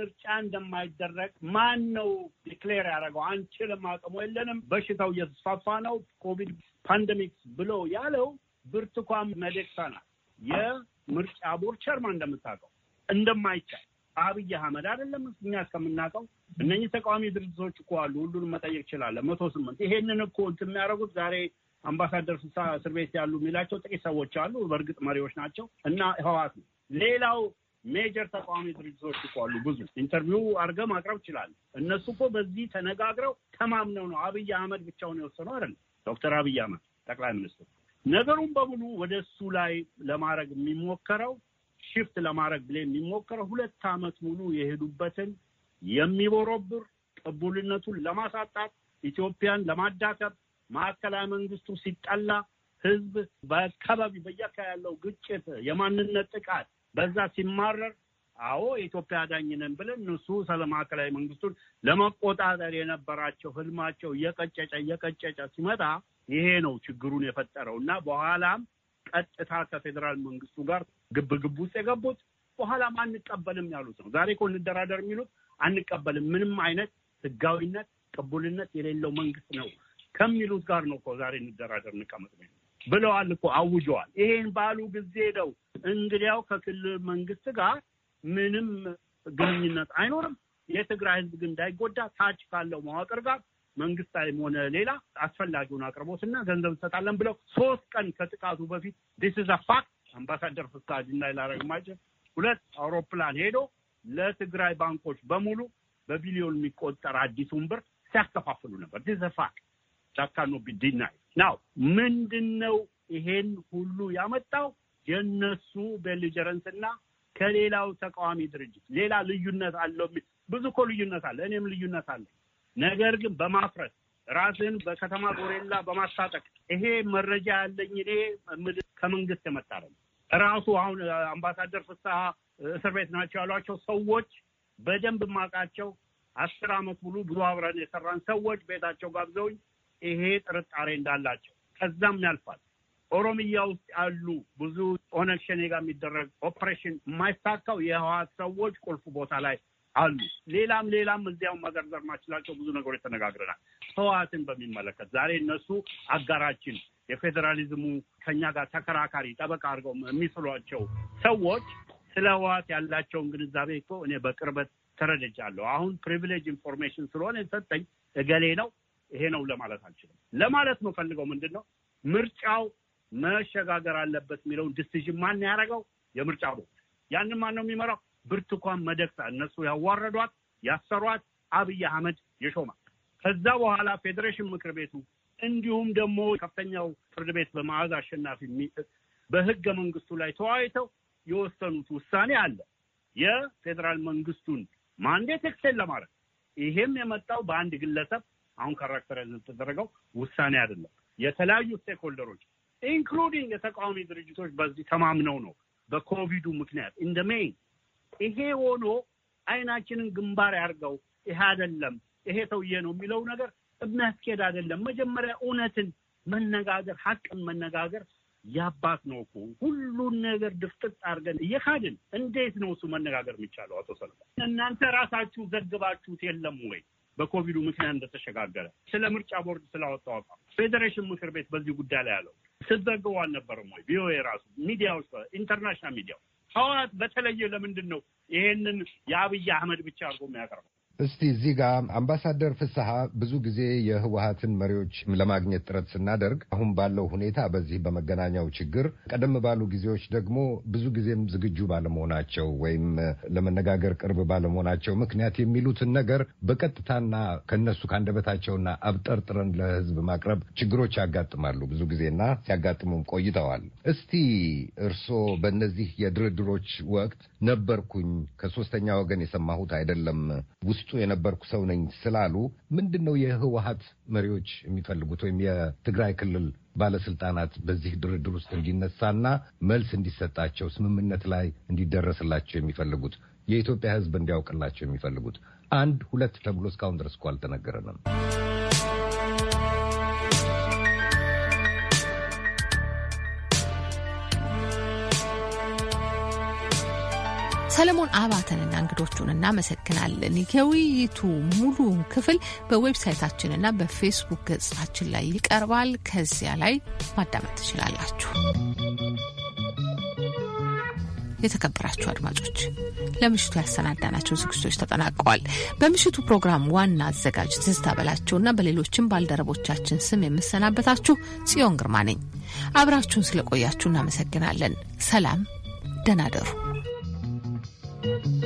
Speaker 3: ምርጫ እንደማይደረግ ማን ነው ዲክሌር ያደረገው? አንችልም፣ አቅሙ የለንም፣ በሽታው እየተስፋፋ ነው፣ ኮቪድ ፓንደሚክስ ብሎ ያለው ብርቱካን ሚደቅሳ ናት።
Speaker 1: የምርጫ
Speaker 3: ቦርድ ቸርማ እንደምታውቀው እንደማይቻል አብይ አህመድ አይደለም እኛ እስከምናውቀው እነኚህ ተቃዋሚ ድርጅቶች እኮ አሉ። ሁሉንም መጠየቅ ይችላለን። መቶ ስምንት ይሄንን እኮ እንትን የሚያደርጉት ዛሬ አምባሳደር ስሳ እስር ቤት ያሉ የሚላቸው ጥቂት ሰዎች አሉ። በእርግጥ መሪዎች ናቸው እና ህዋት ነው። ሌላው ሜጀር ተቃዋሚ ድርጅቶች እኮ አሉ። ብዙ ኢንተርቪው አድርገህ ማቅረብ ይችላል። እነሱ እኮ በዚህ ተነጋግረው ተማምነው ነው። አብይ አህመድ ብቻውን የወሰኑ አይደለም። ዶክተር አብይ አህመድ ጠቅላይ ሚኒስትር ነገሩን በሙሉ ወደ እሱ ላይ ለማድረግ የሚሞከረው ሽፍት ለማድረግ ብለ የሚሞከረው ሁለት አመት ሙሉ የሄዱበትን የሚቦረብር ቅቡልነቱን ለማሳጣት ኢትዮጵያን ለማዳከብ ማዕከላዊ መንግስቱ ሲጠላ ህዝብ በአካባቢ በየካ ያለው ግጭት፣ የማንነት ጥቃት በዛ ሲማረር አዎ የኢትዮጵያ ዳኝነን ብለን እነሱ ማዕከላዊ መንግስቱን ለመቆጣጠር የነበራቸው ህልማቸው እየቀጨጨ እየቀጨጨ ሲመጣ ይሄ ነው ችግሩን የፈጠረው እና በኋላም ቀጥታ ከፌዴራል መንግስቱ ጋር ግብ ግብ ውስጥ የገቡት በኋላም አንቀበልም ያሉት ነው። ዛሬ እኮ እንደራደር የሚሉት አንቀበልም፣ ምንም አይነት ህጋዊነት ቅቡልነት የሌለው መንግስት ነው ከሚሉት ጋር ነው እኮ ዛሬ እንደራደር እንቀመጥ ብለዋል እኮ አውጀዋል። ይሄን ባሉ ጊዜ ነው እንግዲያው ከክልል መንግስት ጋር ምንም ግንኙነት አይኖርም። የትግራይ ህዝብ ግን እንዳይጎዳ ታች ካለው መዋቅር ጋር መንግስታዊም ሆነ ሌላ አስፈላጊውን አቅርቦትና ገንዘብ እንሰጣለን ብለው ሶስት ቀን ከጥቃቱ በፊት ዲስ ኢዝ አ ፋክት አምባሳደር ፍስሐ ጅናይ ላረግ ሁለት አውሮፕላን ሄዶ ለትግራይ ባንኮች በሙሉ በቢሊዮን የሚቆጠር አዲሱን ብር ሲያከፋፍሉ ነበር። ዲስ ኢዝ አ ፋክት ዳካኖ ቢዲናይ ናው ምንድን ነው ይሄን ሁሉ ያመጣው የነሱ ቤሊጀረንስ እና ከሌላው ተቃዋሚ ድርጅት ሌላ ልዩነት አለው። ብዙ እኮ ልዩነት አለ። እኔም ልዩነት አለ። ነገር ግን በማፍረስ ራስን በከተማ ጎሬላ በማስታጠቅ ይሄ መረጃ ያለኝ እኔ ከመንግስት የመጣ ነው። ራሱ አሁን አምባሳደር ፍስሐ እስር ቤት ናቸው ያሏቸው ሰዎች በደንብ ማውቃቸው አስር አመት ሙሉ ብዙ አብረን የሰራን ሰዎች ቤታቸው ጋብዘውኝ ይሄ ጥርጣሬ እንዳላቸው ከዛም ያልፋል ኦሮሚያ ውስጥ ያሉ ብዙ ኦነግ ሸኔ ጋር የሚደረግ ኦፕሬሽን የማይሳካው የህወሓት ሰዎች ቁልፍ ቦታ ላይ አሉ። ሌላም ሌላም እዚያው መዘርዘር ማችላቸው ብዙ ነገሮች ተነጋግረናል። ህወሓትን በሚመለከት ዛሬ እነሱ አጋራችን የፌዴራሊዝሙ ከኛ ጋር ተከራካሪ ጠበቃ አድርገው የሚስሏቸው ሰዎች ስለ ህወሓት ያላቸውን ግንዛቤ እኮ እኔ በቅርበት ተረድቻለሁ። አሁን ፕሪቪሌጅ ኢንፎርሜሽን ስለሆነ የሰጠኝ እገሌ ነው ይሄ ነው ለማለት አልችልም። ለማለት ነው ምንድን ነው ምርጫው መሸጋገር አለበት የሚለውን ዲሲዥን ማን ያደረገው? የምርጫ ቦርድ። ያንን ማን ነው የሚመራው? ብርቱካን ሚደቅሳ። እነሱ ያዋረዷት ያሰሯት አብይ አህመድ የሾማ ከዛ በኋላ ፌዴሬሽን ምክር ቤቱ እንዲሁም ደግሞ ከፍተኛው ፍርድ ቤት በመዓዛ አሸናፊ በህገ መንግስቱ ላይ ተወያይተው የወሰኑት ውሳኔ አለ የፌዴራል መንግስቱን ማንዴት ኤክስቴንድ ለማድረግ ይሄም የመጣው በአንድ ግለሰብ አሁን ካራክተር የተደረገው ውሳኔ አይደለም። የተለያዩ ስቴክሆልደሮች ኢንክሉዲንግ የተቃዋሚ ድርጅቶች በዚህ ተማምነው ነው በኮቪዱ ምክንያት እንደ ሜይን ይሄ ሆኖ አይናችንን ግንባር ያርገው ይሄ አይደለም ይሄ ሰውዬ ነው የሚለው ነገር የሚያስኬድ አይደለም። መጀመሪያ እውነትን መነጋገር፣ ሀቅን መነጋገር ያባት ነው እኮ ሁሉን ነገር ድፍጥጥ አድርገን እየካድን እንዴት ነው እሱ መነጋገር የሚቻለው? አቶ ሰለሞን እናንተ ራሳችሁ ዘግባችሁት የለም ወይ? በኮቪዱ ምክንያት እንደተሸጋገረ ስለ ምርጫ ቦርድ ስላወጣው አቋም ፌዴሬሽን ምክር ቤት በዚህ ጉዳይ ላይ ያለው ስትዘግቡ አልነበረም ወይ? ቪኦኤ ራሱ ሚዲያዎች፣ ኢንተርናሽናል ሚዲያዎች ሐዋት በተለየ ለምንድን ነው ይሄንን የአብይ አህመድ ብቻ አድርጎ የሚያቀርበው?
Speaker 5: እስቲ እዚህ ጋር አምባሳደር ፍስሐ ብዙ ጊዜ የህወሀትን መሪዎች ለማግኘት ጥረት ስናደርግ አሁን ባለው ሁኔታ በዚህ በመገናኛው ችግር፣ ቀደም ባሉ ጊዜዎች ደግሞ ብዙ ጊዜም ዝግጁ ባለመሆናቸው ወይም ለመነጋገር ቅርብ ባለመሆናቸው ምክንያት የሚሉትን ነገር በቀጥታና ከነሱ ከአንደበታቸውና አብጠርጥረን ለህዝብ ማቅረብ ችግሮች ያጋጥማሉ ብዙ ጊዜና ሲያጋጥሙም ቆይተዋል። እስቲ እርስዎ በእነዚህ የድርድሮች ወቅት ነበርኩኝ ከሶስተኛ ወገን የሰማሁት አይደለም፣ ውስጡ የነበርኩ ሰው ነኝ ስላሉ ምንድን ነው የህወሀት መሪዎች የሚፈልጉት ወይም የትግራይ ክልል ባለስልጣናት በዚህ ድርድር ውስጥ እንዲነሳና መልስ እንዲሰጣቸው ስምምነት ላይ እንዲደረስላቸው የሚፈልጉት የኢትዮጵያ ህዝብ እንዲያውቅላቸው የሚፈልጉት አንድ ሁለት ተብሎ እስካሁን ድረስ እኮ አልተነገረንም።
Speaker 2: ሰለሞን አባተንና እንግዶቹን እናመሰግናለን። የውይይቱ ሙሉውን ክፍል በዌብሳይታችንና በፌስቡክ ገጻችን ላይ ይቀርባል። ከዚያ ላይ ማዳመጥ ትችላላችሁ። የተከበራችሁ አድማጮች ለምሽቱ ያሰናዳናቸው ዝግጅቶች ተጠናቀዋል። በምሽቱ ፕሮግራም ዋና አዘጋጅ ትዝታ በላቸውና በሌሎችም ባልደረቦቻችን ስም የምሰናበታችሁ ጽዮን ግርማ ነኝ። አብራችሁን ስለቆያችሁ እናመሰግናለን። ሰላም፣ ደህና ደሩ። Thank
Speaker 6: you.